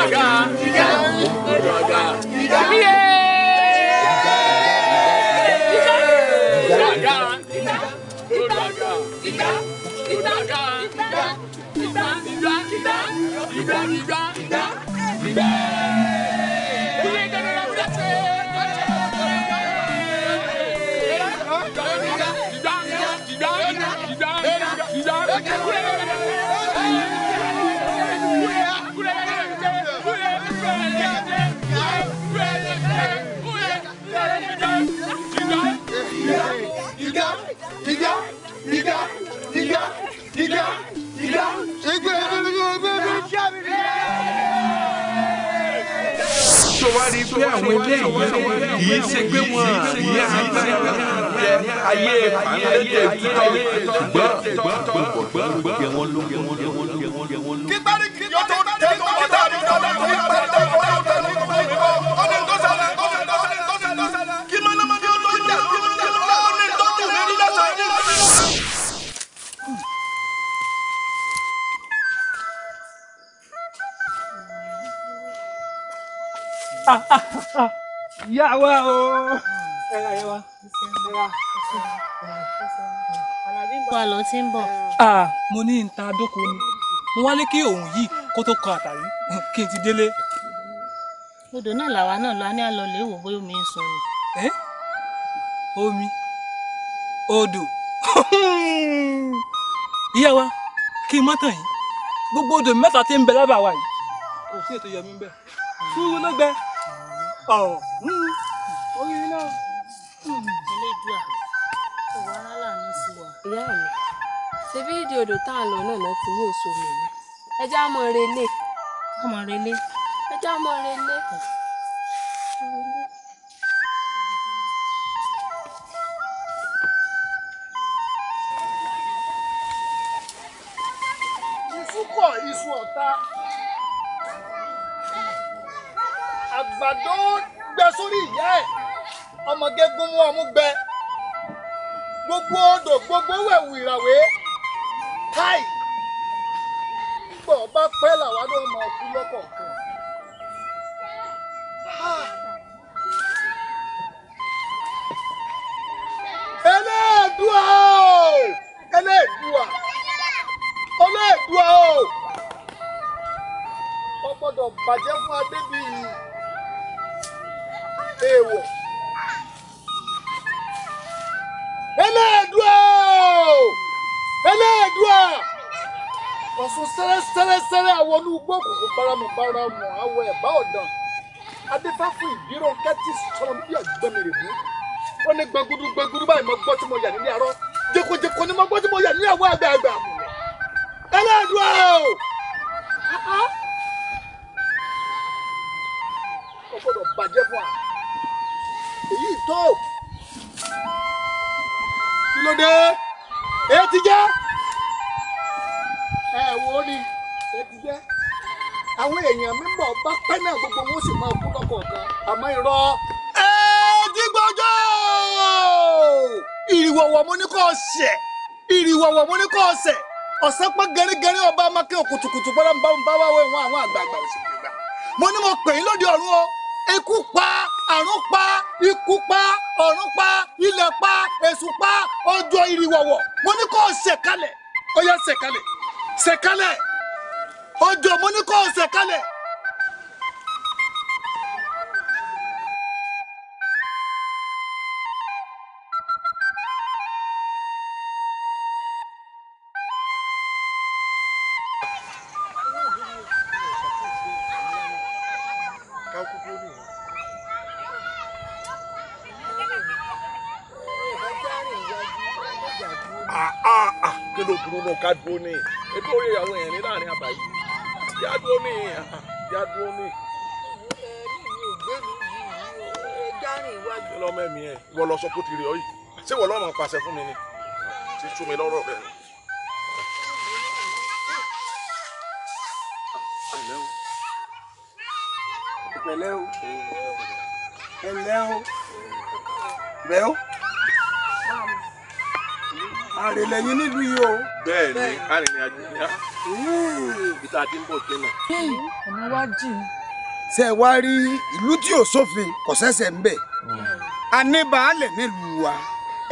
àga ìgbà odò àga ìgbà. ìgbà ìgbà ìgbà ìgbà. Yeah sọwárí pé àwọn eléyìí yìí ṣe pé wọn yìí àgbà jẹ ayé àyẹ̀dẹ̀ títọ́ ṣùgbọ́n gbọ́dọ̀ jẹ wọn ló jẹ wọn ló jẹ wọn ló. kí bá rí kí yọtọ̀ tẹ́tọ̀ bá dàbí tọ́lá tó yà bá dàbí tọ́lá. ìyá wa o ẹ̀rà yẹn wa ẹ̀rà alábí ń bọ̀. lọ tí ń bọ̀. Ah, mo ní ìta dóko ni mo wálé kí òun yìí kó tó kan àtàrí kí n ti délé. odò náà làwa náà lọ á ní àlọlé wò bóyá omi ń sun ni. ẹ omi odò ìyá wa kí n má tàn yín gbogbo odò mẹ́ta tí ń bẹ lábàá wa yìí kò sí ètò yọmí ń bẹ sùúrù ló gbẹ orí iná elédùà ọwọ́ aráàlá ní sí wa. ìyá mi ṣebí ìdí odò tá à ń lọ náà ti ní oṣù mi ni ẹ já mọ relé. ká mọ relé. ẹ já mọ relé. relé. láàárọ̀ kùtùkùtù pẹ̀lú bá wá wẹ̀ wọ́n àwọn àgbààgbà òṣèlú gbà mo ní mo pè yín lóde ọ̀run o ikú pa àrùn pa ikú pa ọ̀run pa ilẹ̀ pa èṣù pa ọjọ́ ìrìwọ̀wọ̀ mo ní kó o ṣèkalẹ̀ ó yẹ ṣèkalẹ̀ ṣèkalẹ̀ ọjọ́ mo ní kó o ṣèkalẹ̀ ká dúró ní ètò orí àwọn èèyàn ní láàrin àbá yìí yá dúró ní yá dúró ní. lọ́mọ ẹ̀mí ẹ̀ wọ́n lọ sọ kó ti rí ọ yìí ṣé wọ́n lọ́mọ pàṣẹ fún mi ni ti sú mi lọ́rọ̀ rẹ̀ ni. pẹ̀lẹ́ o pẹ̀lẹ́ lẹ́yìn nílùú yìí o. bẹ́ẹ̀ ni arìnrìn-àjò ni a ibi tá a ti ń bọ̀ tẹ́lẹ̀. ọ̀nà wa jì. ṣe é wá rí ìlú tí ò sófin kò ṣẹ̀ṣẹ̀ ń bẹ. Hmm. a ní baálẹ̀ nílùú wa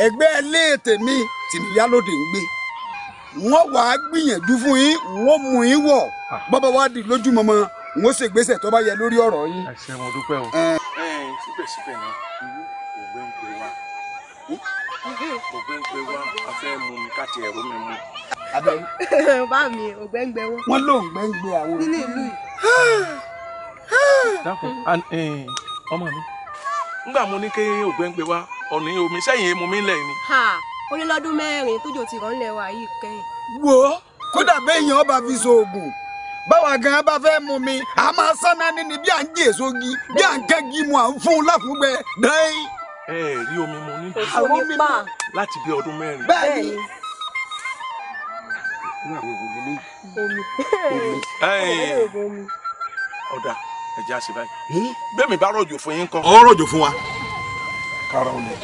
ẹgbẹ́ ilé tèmi tìmíyálóde ń gbé wọ́n wàá gbìyànjú fún yín wọ́n mú yín wọ̀ ah. bọ́bá wa di lójúmọmọ n ó ṣègbésẹ tó bá yẹ lórí ọ̀rọ̀ yín. ẹ ṣe mo dúpẹ́ o. ẹ eh. ẹ eh, síbẹ̀síbẹ̀ náà ìlú òwe ń pè wá ògbẹ́ngbẹ́ wọ́n ló ń gbẹ́ngbẹ́ àwọn. nínú ìlú yìí. ọmọ mi ngbà mo ní kí ògbẹ́ngbẹ́ wa ọ̀nà omi sẹ́yìn èèmù mi lẹ̀ ni. ó lé lọ́dún mẹ́rin tójò ti rán lẹ̀ wá kẹ́yìn. wo kódà béèyàn ọba fi so báwa gan bá fẹ́ mú mi a máa sáná nínú bí à ń jèso gi bí à ń kẹ́gi mu à ń fún un láfúgbẹ́ dẹ́yìn ẹ rí omi mu ní ìdílé àwọn omi pa láti bí ọdún mẹ́rin. bẹ́ẹ̀ ni omi ọ̀dà ẹ̀jẹ̀ àṣẹ báyìí bẹ́ẹ̀ mi bá rọ̀jò fún yín kọ́. ọ rọ̀jò fún wa. kára olè.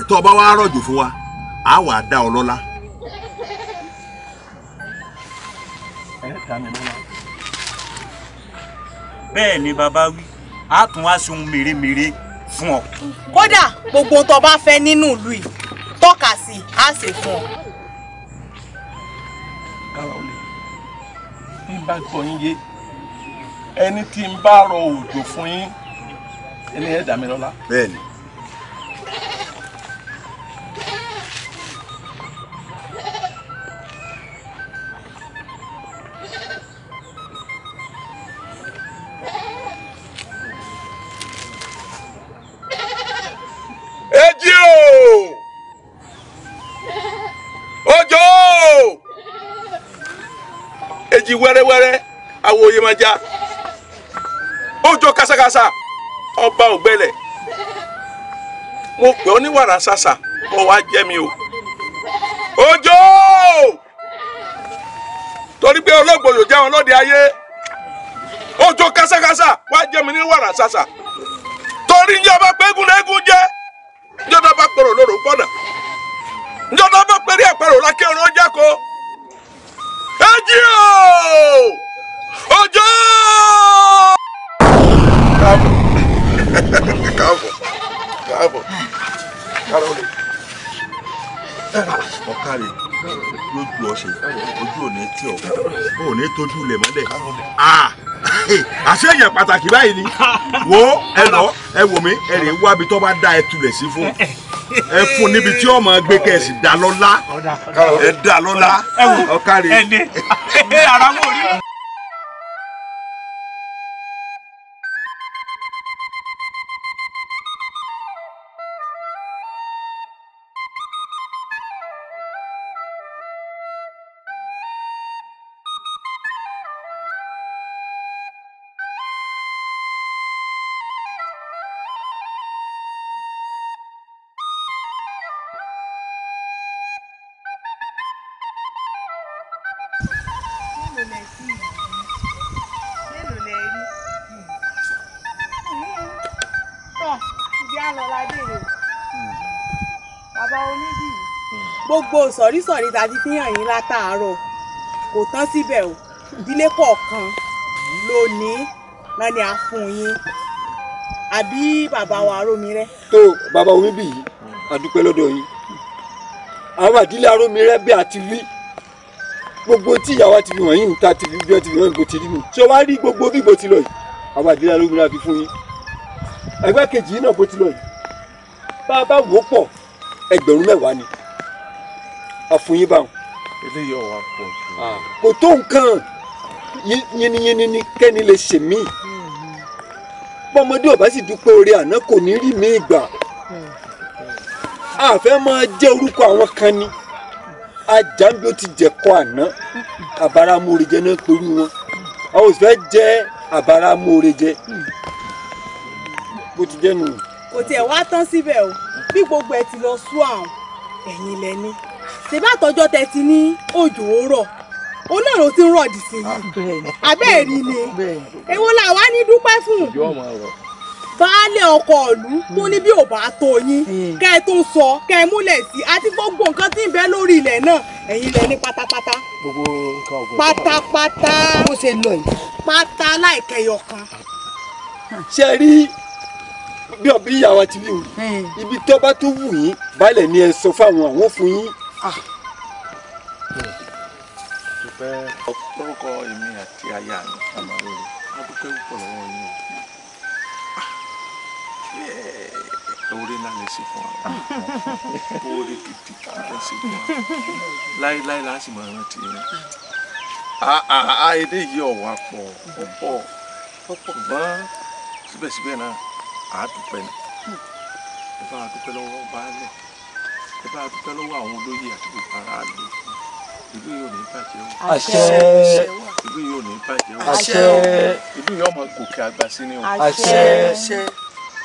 ètò ọba wa rọ̀jò fún wa a wà á dá ọ lọ́lá. bẹ́ẹ̀ ni bàbá wí a tún wá sí ohun mèremère fún ọ. kódà gbogbo tó bá fẹ́ nínú ìlú yìí tọ́ka sí i á ṣe fún ọ. kára olè bí bá gbọ́ yín yé ẹni tí ń bá rọ òjò fún yín ẹni ẹ̀ dàmí lọ́la. bẹ́ẹ̀ ni. wẹ́rẹ́wẹ́rẹ́ àwọn òye máa já ó kásákásá ọba ògbẹ́lẹ̀ mo pè ní wàrà sàṣà mo wá jẹ́ mi o òjò torí pé olóògbòyò jẹ́ wọn lóde ayé òjò kásákásá wá jẹ́ mi ní wàrà sàṣà torí ní ọba pẹ́gùn lẹ́gùn jẹ́ ní ọba pẹ̀rọ̀ lóru gbọ́dọ̀ ní ọba pẹ̀rẹ̀ pẹ̀rọ̀ lákẹ́rọ̀ jákòó ají o ọjọ́. káàbọ̀ káàbọ̀ káàbọ̀ kárọ̀lì ọ̀kárì lójú ọ̀sẹ̀ ojú òní tí ọ̀ òní tójú lẹ̀ mọ́lẹ̀ àṣeyàn pàtàkì báyìí ni wo ẹ lọ ẹ wò mí ẹ rè wá bí tó bá dá ẹ tulẹ̀ sí fún ẹ fún níbi tí ọmọ gbé kẹsì dá ẹ dá lọ́lá ọkàrí. ẹni ara mélòó lẹ sí ìlú mélòó lẹ rí tọ ibi alọládé rè bàbá onídìí. gbogbo sọ̀rísọ̀rí ta ti fi hàn yín látàárọ̀ kò tán síbẹ̀ o ìdílé kọ̀ọ̀kan ló ní lọ́ni àfún yín àbí bàbá wa rómi rẹ. tó bàbá onídìí a dúpẹ́ lọ́dọ̀ yín àwọn àdílé arómi rẹ bí a ti wí gbogbo tí ìyàwó ti fi wọ̀nyí níta ti fi bí wọ́n ti fi wọ́n gbò ti rí mi ṣé wàá rí gbogbo bí gbò ti lọ yìí àwọn àdìrà ló múra fi fún yín ẹgbẹ́ kejì yìí náà bó ti lọ yìí bá a bá wò ó pọ̀ ẹgbẹ̀rún mẹ́wàá ni àfúnyín báwọn. eléyìí ọ̀wá pọ̀ jù. kò tó nǹkan yínníyínní ni kẹ́ni lè ṣe mí bọ́mọdé ò bá sì dúpẹ́ oore àná kò ní rí mi ìgbà àfẹ́ hmm. máa jẹ́ orúkọ àwọn kan ni ajáǹbí ó ti jẹ̀kọ́ àná àbáramóorejẹ náà pẹ̀lú wọn a ò fẹ́ jẹ́ àbáramóorejẹ bó ti jẹ́ nù. kò tiẹ̀ wá tán síbẹ̀ o bí gbogbo ẹ ti lọ sú àwọn ẹ̀yìn lẹ́ni ṣèbátọ́jọ́ tẹ ti ní òjò rọ̀ òun náà ló ti ń rọ̀ dì sí i àbẹ́ẹ̀rí ni èwo làwa ní dúpẹ́ fún baálé ọkọ ìlú tó ní bí ò bá tó yín hmm. kẹ́ ẹ tó sọ kẹ́ ẹ múlẹ̀ sí àti gbogbo nǹkan tí ń bẹ lórí ilẹ̀ náà ẹ̀yin lẹ ní pátápátá. gbogbo nǹkan ọ̀gbìn. pátápátá. bó ṣe lọ yìí. pátá láìkẹyọ kan. ṣe rí bí ọbí àwọn ti wí o hmm. ibi tó bá tó wù yín baálẹ̀ ni ẹ sọ fáwọn àwọn fún yín. Ah. dúpẹ́ ọ̀pọ̀lọpọ̀ èmi àti aya mi àmọ́ lórí adúpẹ́ púpọ̀ lọ́wọ́ yín. oore náà lè ṣe fún wa oore kìtì kìtì lè ṣe fún wa láéláé láti máa rántí rẹ a èdè yìí ọ̀wà pọ̀ ọ̀pọ̀ ṣùgbọ́n síbẹ̀síbẹ̀ náà a dúpẹ́ ni ẹ bá a dúpẹ́ lọ́wọ́ baálẹ̀ ẹ bá a dúpẹ́ lọ́wọ́ àwọn olóyè àti gbogbo aráàlú ìlú yìí ò ní bàjẹ́ o àṣẹ ìlú yìí ò ní bàjẹ́ o àṣẹ ìlú yìí ọmọ gòkè àgbà sí ni o àṣẹ.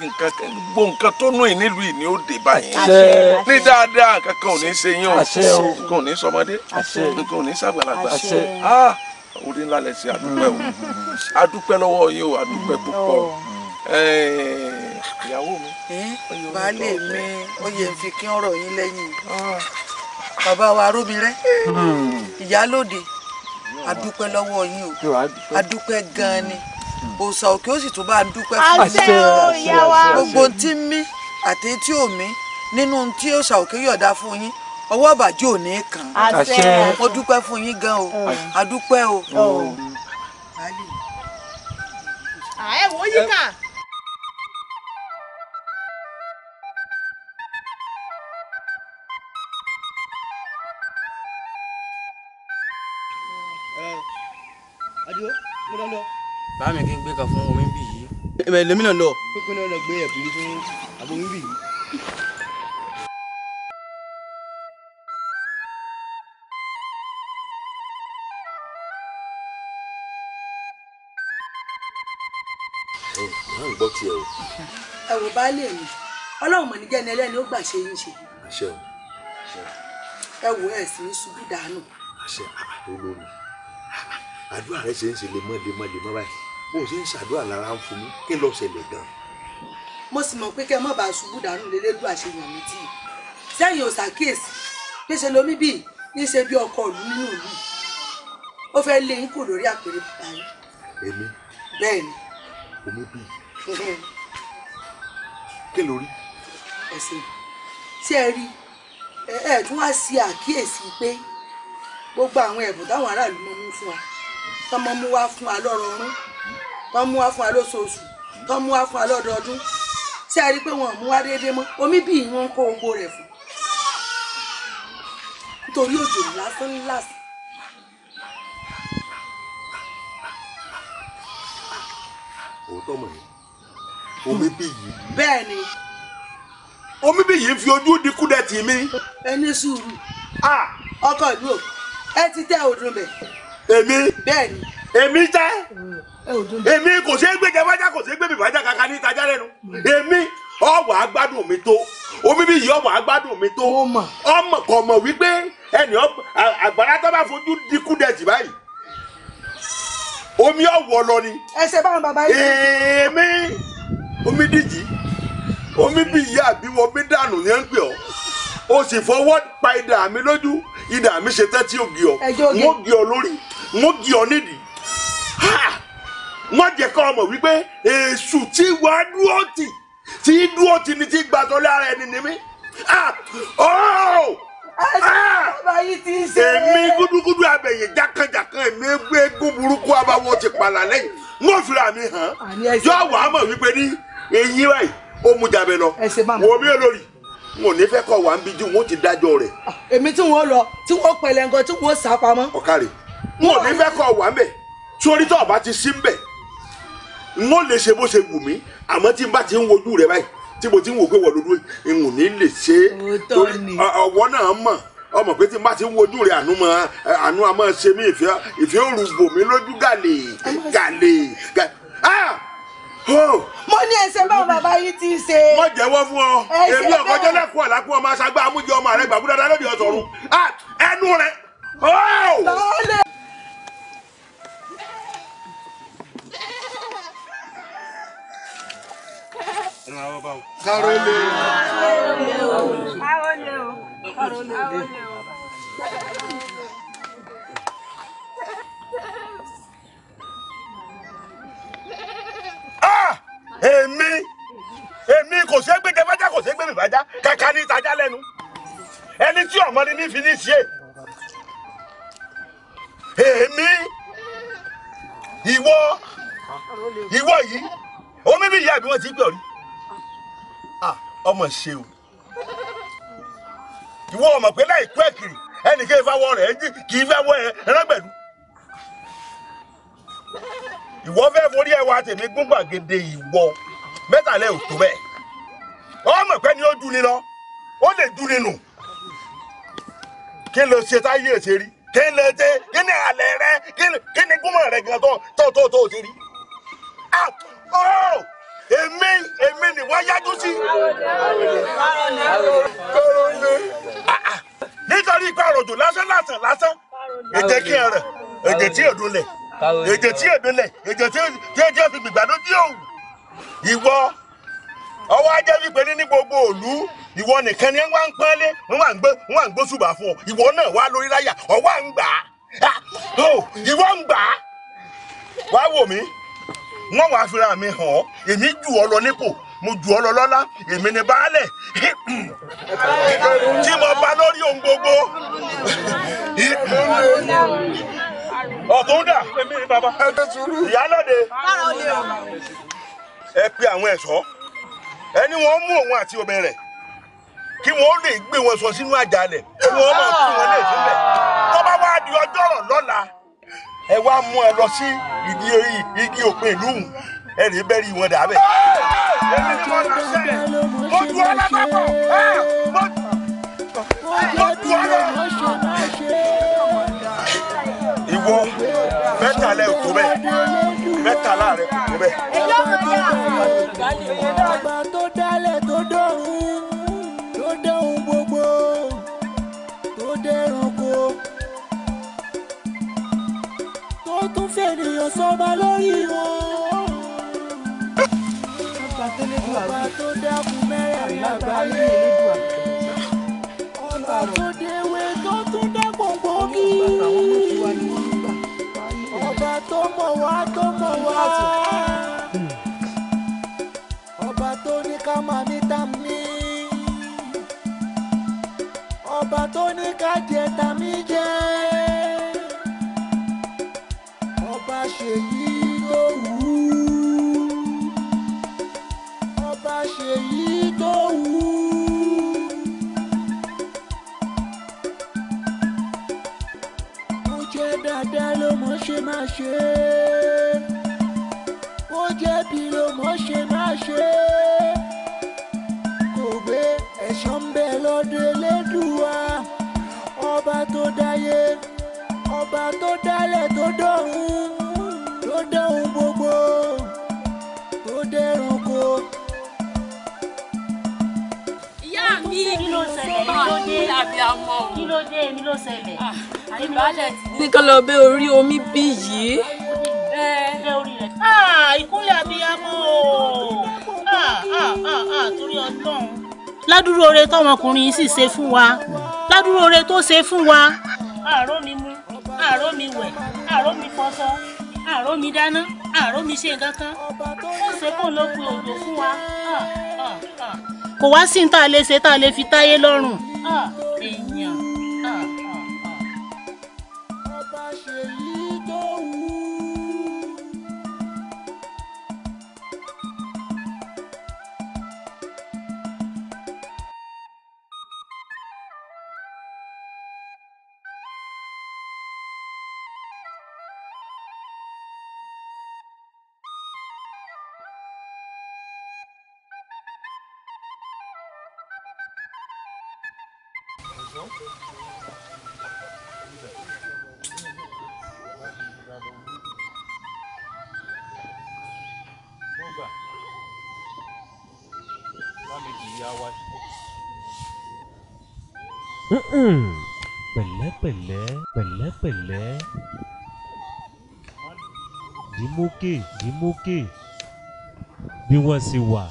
nǹkan gbogbo nǹkan tó nù yín nílùú yìí ni ó dé báyìí ní dáadáa nǹkan kan ò ní ṣe yín o nǹkan ò ní sọmọdé nǹkan ò ní sàgbàlagbà ah, orí ńlá lẹ ṣe àdúpẹ́ o àdúpẹ́ mm. lọ́wọ́ yín o àdúpẹ́ púpọ̀ mm. ìyàwó mi. baálé mi oyè ń fi kí ń yín lẹ́yìn ah. bàbá wa rómi rẹ mm. ìyálòde àdúpẹ́ lọ́wọ́ yín o àdúpẹ́ gan-an ni òòṣà òkè ó sì tún bá ń dúpẹ́ fún àṣẹ gbogbo tí ń mí àti tí ò mí nínú tí òòṣà òkè yọ̀dá fún yín ọwọ́ bàjẹ́ ò ní kàn mo dúpẹ́ fún yín gan o mm. a dúpẹ́ o. Mm. Mm. Ah, ẹ wo yíká. bá mi kí n gbé kan fún omi bì yìí. ẹ̀mẹ̀ lèmi náà lọ. pípín náà lọ gbé ẹ̀kúnlé fún abomi bì yìí. ń gbọ́ tiẹ̀ o. ẹ wò bá lè mi ọlọ́run mọ̀ ní jẹ́ni ẹlẹ́ni ó gbà ṣe yín ṣe. àṣẹ o ẹ wò ẹ sì ń ṣubú dànù. àṣẹ olórí àdúrà rẹ ṣe ń ṣe lemọ́lemọ́ lemọ́ báyìí bó o ṣe ń ṣàdúrà lára ń fún mi kí n lọ ṣẹlẹ̀ gan. mo sì mọ̀ pé kẹ́ ẹ má bàa ṣubú dànù lélẹ́lú àṣeyàn mi tì í sẹ́yìn ò ṣàkíyèsí pé ṣe lomi bíi ní ṣe bí ọkọ ìlú nínú ìlú ó fẹ́ lé yín kù lórí àpèrè bàbá yín. èmi bẹ́ẹ̀ ni. omi bíi kí ló rí. ẹ̀sìn tí ẹ rí ẹ tún wá sí àkíyèsí pé gbogbo àwọn ẹ̀bùn táwọn aráàlú mọ̀ mú fún wa tọmọ mú wá fún wa lọ́rọ̀ọ́rùn tó mú wá fún wa lóṣooṣù tó mú wá fún wa lọ́dọọdún ṣé a rí pé wọn mú wá déédéé mọ́ omi bíi wọn ń kó owó rẹ̀ fún nítorí òjò lásán lásán. òótọ́ mọ̀ ní omi bíi yìí. bẹ́ẹ̀ ni. omi bíi yìí fi ojú di kúdẹ̀tì mi. ẹ ní sùúrù ah! ọkọ ìlú ẹ ti tẹ òdùnbẹ. èmi. bẹ́ẹ̀ ni èmi jẹ́ èmi kò ṣeé gbé jẹ fájà kò ṣeé gbé mi fájà kankan ní ìtajà lẹ́nu èmi ọwọ́ agbádùn mi tó omi bí yìí ọwọ́ agbádùn mi tó ọmọ kò mọ̀ wípé ẹnì àgbàrá tó bá fojú dikú dẹ̀jì báyìí omi ọwọ́ lọ ni. ẹsẹ báwọn bàbá yìí. èmi omi díjì omi bí ìyá àbíwọ omi dànù ni ẹ ń pè ọ o sì fọwọ́ pa idà mi lójú idà mi ṣe tẹ́tí ògì ọ ń gé ọ lórí ń gé ọ nídìí wọ́n jẹ́ kọ́ ọmọ wípé èṣù tí wàá dúró tì tí dúró tì ní ti gbàtọ́ lára ẹni ní mi. Oh! èmi gúdúgúdú abẹ̀yìn jákàjákà èmi egun burúkú abawọ ti pàlà lẹ́yìn wọ́n fira mi hàn yọ wàá mọ̀ wípé ní èyí báyìí ó mú jabẹ lọ wọ́n mi lórí n ò ní fẹ́ kọ́ wà ń bí ju wọn ti dájọ́ rẹ̀. Ah, èmi tí wọn lọ tí wọn pẹlẹ nǹkan tí wọn sá pamọ́. ọ̀kàrẹ̀ n ò ní fẹ́ kọ́ wà ń bẹ̀ sórí tó ọba ti sí mbẹ n ó lè ṣe bó ṣe wù mí àmọ́ tí n bá ti ń wojú rẹ báyìí tí mo ti ń wò pé wọlọdún n ò ní lè ṣe ọwọ́ náà mọ̀ ọmọ pé tí n bá ti ń wojú rẹ àánú máa àánú a máa ṣe mí ìfẹ́ ìfẹ́ òrùbò mi lójú gàlè gàlè gàlè mo ní ẹsẹ̀ báwọn bàbá yìí ti ṣe. wọ́n jẹ́wọ́ fún ọ èmi ọkọ jẹ́lẹ̀ kú ọ̀la kú ọmọ aṣágbá amújẹ ọmọ rẹ gbàgbúdá dáná di ọ̀tọ̀run ẹnu rẹ. káró lé o. káró lé o. káró lé o. èmi èmi kò ṣe é gbé jẹfájá kò ṣe é gbé mi fájá kàkà ní ìtajà lẹ́nu ẹni tí ọmọ ni mi fi ní ṣe èmi ìwọ ìwọ yìí bí ìyá mi wọ́n ti gbé ọ rí ah, ọmọ ṣe o ìwọ ọmọ pé láìpẹ́ kiri ẹnì kí ìfáwọ́ rẹ̀ jí kì í fẹ́ wọ ẹrẹ́gbẹ̀dú ìwọ fẹ́ forí ẹwà tèmi gún gbàgede ìwọ mẹ́tàlẹ́ ò tó bẹ́ẹ̀ ọmọ pé ni ó dùn ni lọ ó lè dùn ni nù kí ló ṣe táyé ṣe rí kí ló ṣe kí ni àlẹ́ rẹ kí ni gúnmọ̀ rẹ gan tó tó tó ṣe rí. Ah! Oh! eme èmi ni wọ́n yájú sí. kọ́rọ́lé. Ah, ah. nítorí pé àròjò lásán lásán lásán ètè kí ẹ rẹ̀ ètè tí èdò lẹ̀ ètè tí èdò lẹ̀ tí èdè fi gbìgbà òwú. ìwọ ọwọ́ wípé ní gbogbo ìwọ nìkan ni wọ́n ń pọ́nlé wọ́n ń gbé nwa fún ọ ìwọ náà wà lórí láyà ọwọ́ ń gbà á ah, oh, ìwọ ń gbà á wọ́n wàá fira mi hàn ọ́ èmi jù ọ́ lọ nípò mo jù ọ́ lọ lọ́lá èmi ni baálẹ̀ tí mo bá lórí ohun gbogbo ọ̀tún dà èmi ni bàbá ìyálóde ẹ pe àwọn ẹ̀ṣọ́ ẹni wọ́n mú òun àti obìnrin rẹ̀ kí wọ́n lè gbé wọn sọ sínú àjàlẹ̀ kí wọ́n máa fún wọn lè sílẹ̀ tó bá wá di ọjọ́ rọ̀ lọ́la ẹ wá mú ẹ lọ sí ìdí igi òpin ìlú hùn ẹ rèé bẹ́ẹ̀rì wọn dà bẹ́ẹ̀. èmi ni mo lọ sẹ́ mo dùn ọ́ lápapọ̀ mo dùn ọ́ lọ. ìwọ mẹ́tàlá ẹ̀ tó bẹ́ẹ̀ mẹ́tàlá rẹ̀ kò tó bẹ́ẹ̀. ó tún fẹ́ ènìyàn sọ́ba lórí wọn. ọba tó dákun mẹ́rẹ̀ lágbàáyé ọba tó déwé tó tún dẹ́kun gbòógì ọba tó mọ̀ wá tó mọ̀ wá ọba tó ní ká máa ní tàmí ọba tó ní ká jẹ tàmí jẹ. ṣe yí tó wù ú ọba ṣe yí tó wù ú. ó jẹ́ dáadáa ló mọ̀ ṣe máa ṣe é. àbíamọ o. kí ah, lọ bẹ orí omi bí yìí. Ah, ìkúnlẹ̀ àbíamọ o ah, torí ọlọ́run. tọmọkùnrin sì ṣe fún wa ládùúrú oore tó ṣe fún wa. àárò mi mú àárò mi wẹ̀ àárò mi fọṣọ àárò mi dáná àárò mi ṣe kankan ó ṣe kó ló pe òjò fún wa. kò wá sí ní tá a lè ṣe tá a lè fi táyé lọ́rùn. 二。pẹ̀lẹ́pẹ̀lẹ́ pẹ̀lẹ́pẹ̀lẹ́ dìmókè dìmókè bí wọ́n sì wà.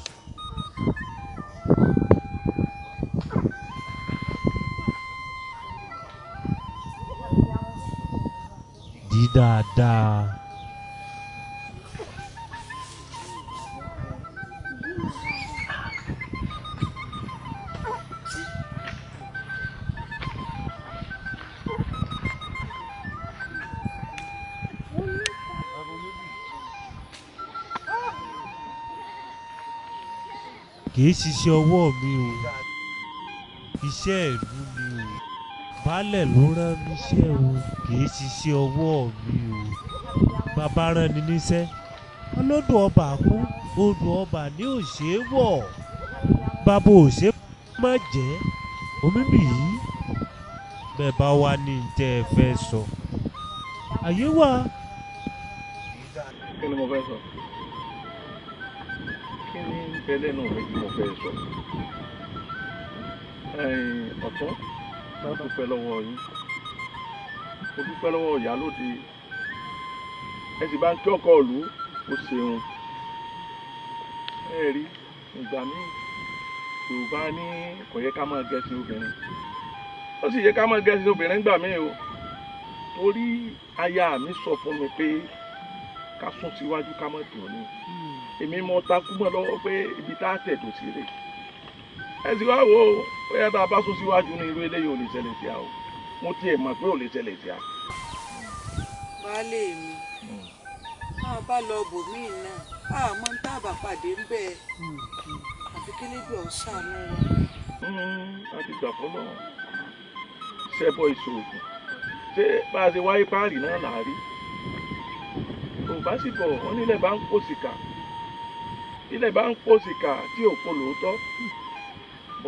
dídáadáa. kì í ṣiṣẹ́ ọwọ́ mi o iṣẹ́ ìlú mi o baálẹ̀ ló rán mi iṣẹ́ o kì í ṣiṣẹ́ ọwọ́ mi o bàbá rán ni níṣẹ́ olódò ọba kú odò ọba ní òṣè wọ̀ bàbá òṣè má jẹ́ omi nìyí bẹ́ẹ̀ bá wá ní tẹ́ ẹ fẹ́ sọ àyè wà. ele náà ni bí mo fẹ́ sọ. ọ̀tún máa dúpẹ́ lọ́wọ́ yín mo dúpẹ́ lọ́wọ́ ìyálòde ẹ sì bá ń kí ọkọ ìlú ó ṣeun ẹ rí ìgbà míì yorùbá ní kò yẹ ká máa gẹ̀ẹ́sì obìnrin ó sì yẹ ká máa gẹ̀ẹ́sì obìnrin gbà míì o torí aya mi sọ fún mi pé ká sún síwájú ká má dùn ní èmi mọ takú mọ́ lọ́wọ́ pé ibi tá a tẹ̀dọ̀ sí rè ẹ sì wá wò ó bóyá tá a bá sún síwájú ní irú eléyìí ò lè ṣẹlẹ̀ sí a o mo tiẹ̀ mọ̀ pé ò lè ṣẹlẹ̀ sí a. baálé mi máa bá lọ bòmíì náà àmọ́ tá a bá pàdé ń bẹ́ẹ̀ àfi kélébi ọ̀sán mi wá. láti gbà fọlọ́ ṣẹ́bọ̀ ìṣòògùn ṣé bá a ṣe wáyé páàrì náà là á rí. ò bá sì bọ̀ wọ́n nílẹ̀ bá ń kó sìkà ilẹ̀ bá ń pò sìkà tí ò kó lóòótọ́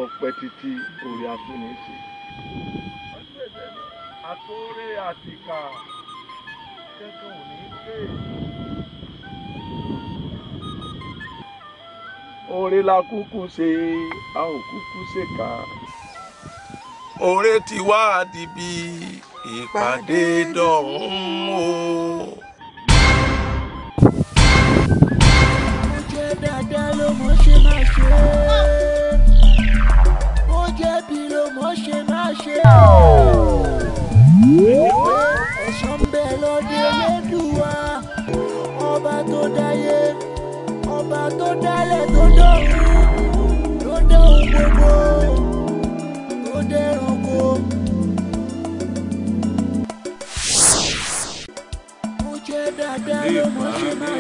ọ̀pẹ títí orí atúnisì. àtòrè àtìkà kẹ́kọ̀ọ́ ní pè. oore la kúkú ṣe a ò kúkú ṣèkà. oore ti wá di ìpàdé dọ̀hún o. ló mọ̀ ṣe má ṣe ó jẹ̀bi ló mọ̀ ṣe má ṣe ẹ̀san ń bẹ lọ́dẹ lẹ́dùwà ọba tó dáyé ọba tó dálẹ̀ tó dọ̀run ló dá ohun gbogbo ló dẹranko. ó jẹ́ dáadáa ló mọ̀ ṣe má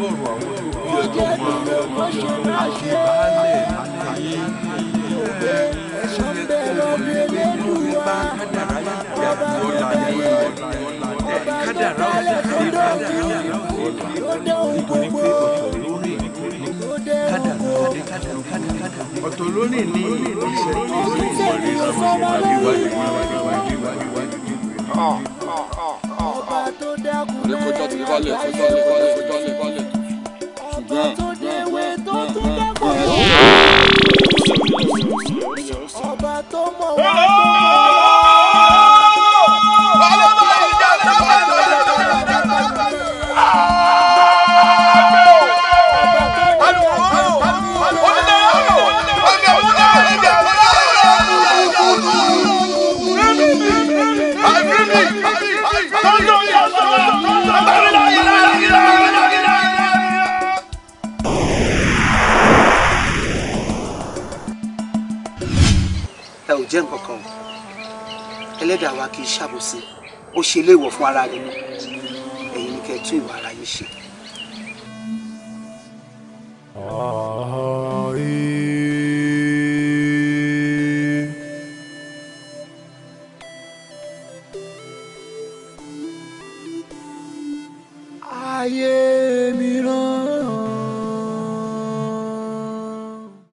ọ̀rọ̀ àwọn olùkọ́ ẹjọ́ mọ àṣebalẹ̀ àtẹ̀yẹ ẹ̀ṣọ́ bẹ́ẹ̀ lọ́dún ẹlẹ́dùnúwà ọba bẹ́ẹ̀ kádàrá ọ̀dà kádàrá ọ̀tọ̀ lónìí ní ìṣẹ́ ìṣẹ́ ìwọlé náà wáyé wáyé wáyé wáyé wáyé. ọba tó dákú lẹ́yìn ọba tó dákú lẹ́yìn tó léwé tó tún dẹ́kun ẹ̀wọ̀n. ọba tó mọ̀ wá tó mọ̀ wá. ẹlẹ́dàá wa kì í ṣàbòsí ó ṣe léèwọ̀ fún ara rẹ̀ ni ẹ̀yin ni kẹ́ ẹ tún ìwà ara yín ṣe. ọ̀ọ́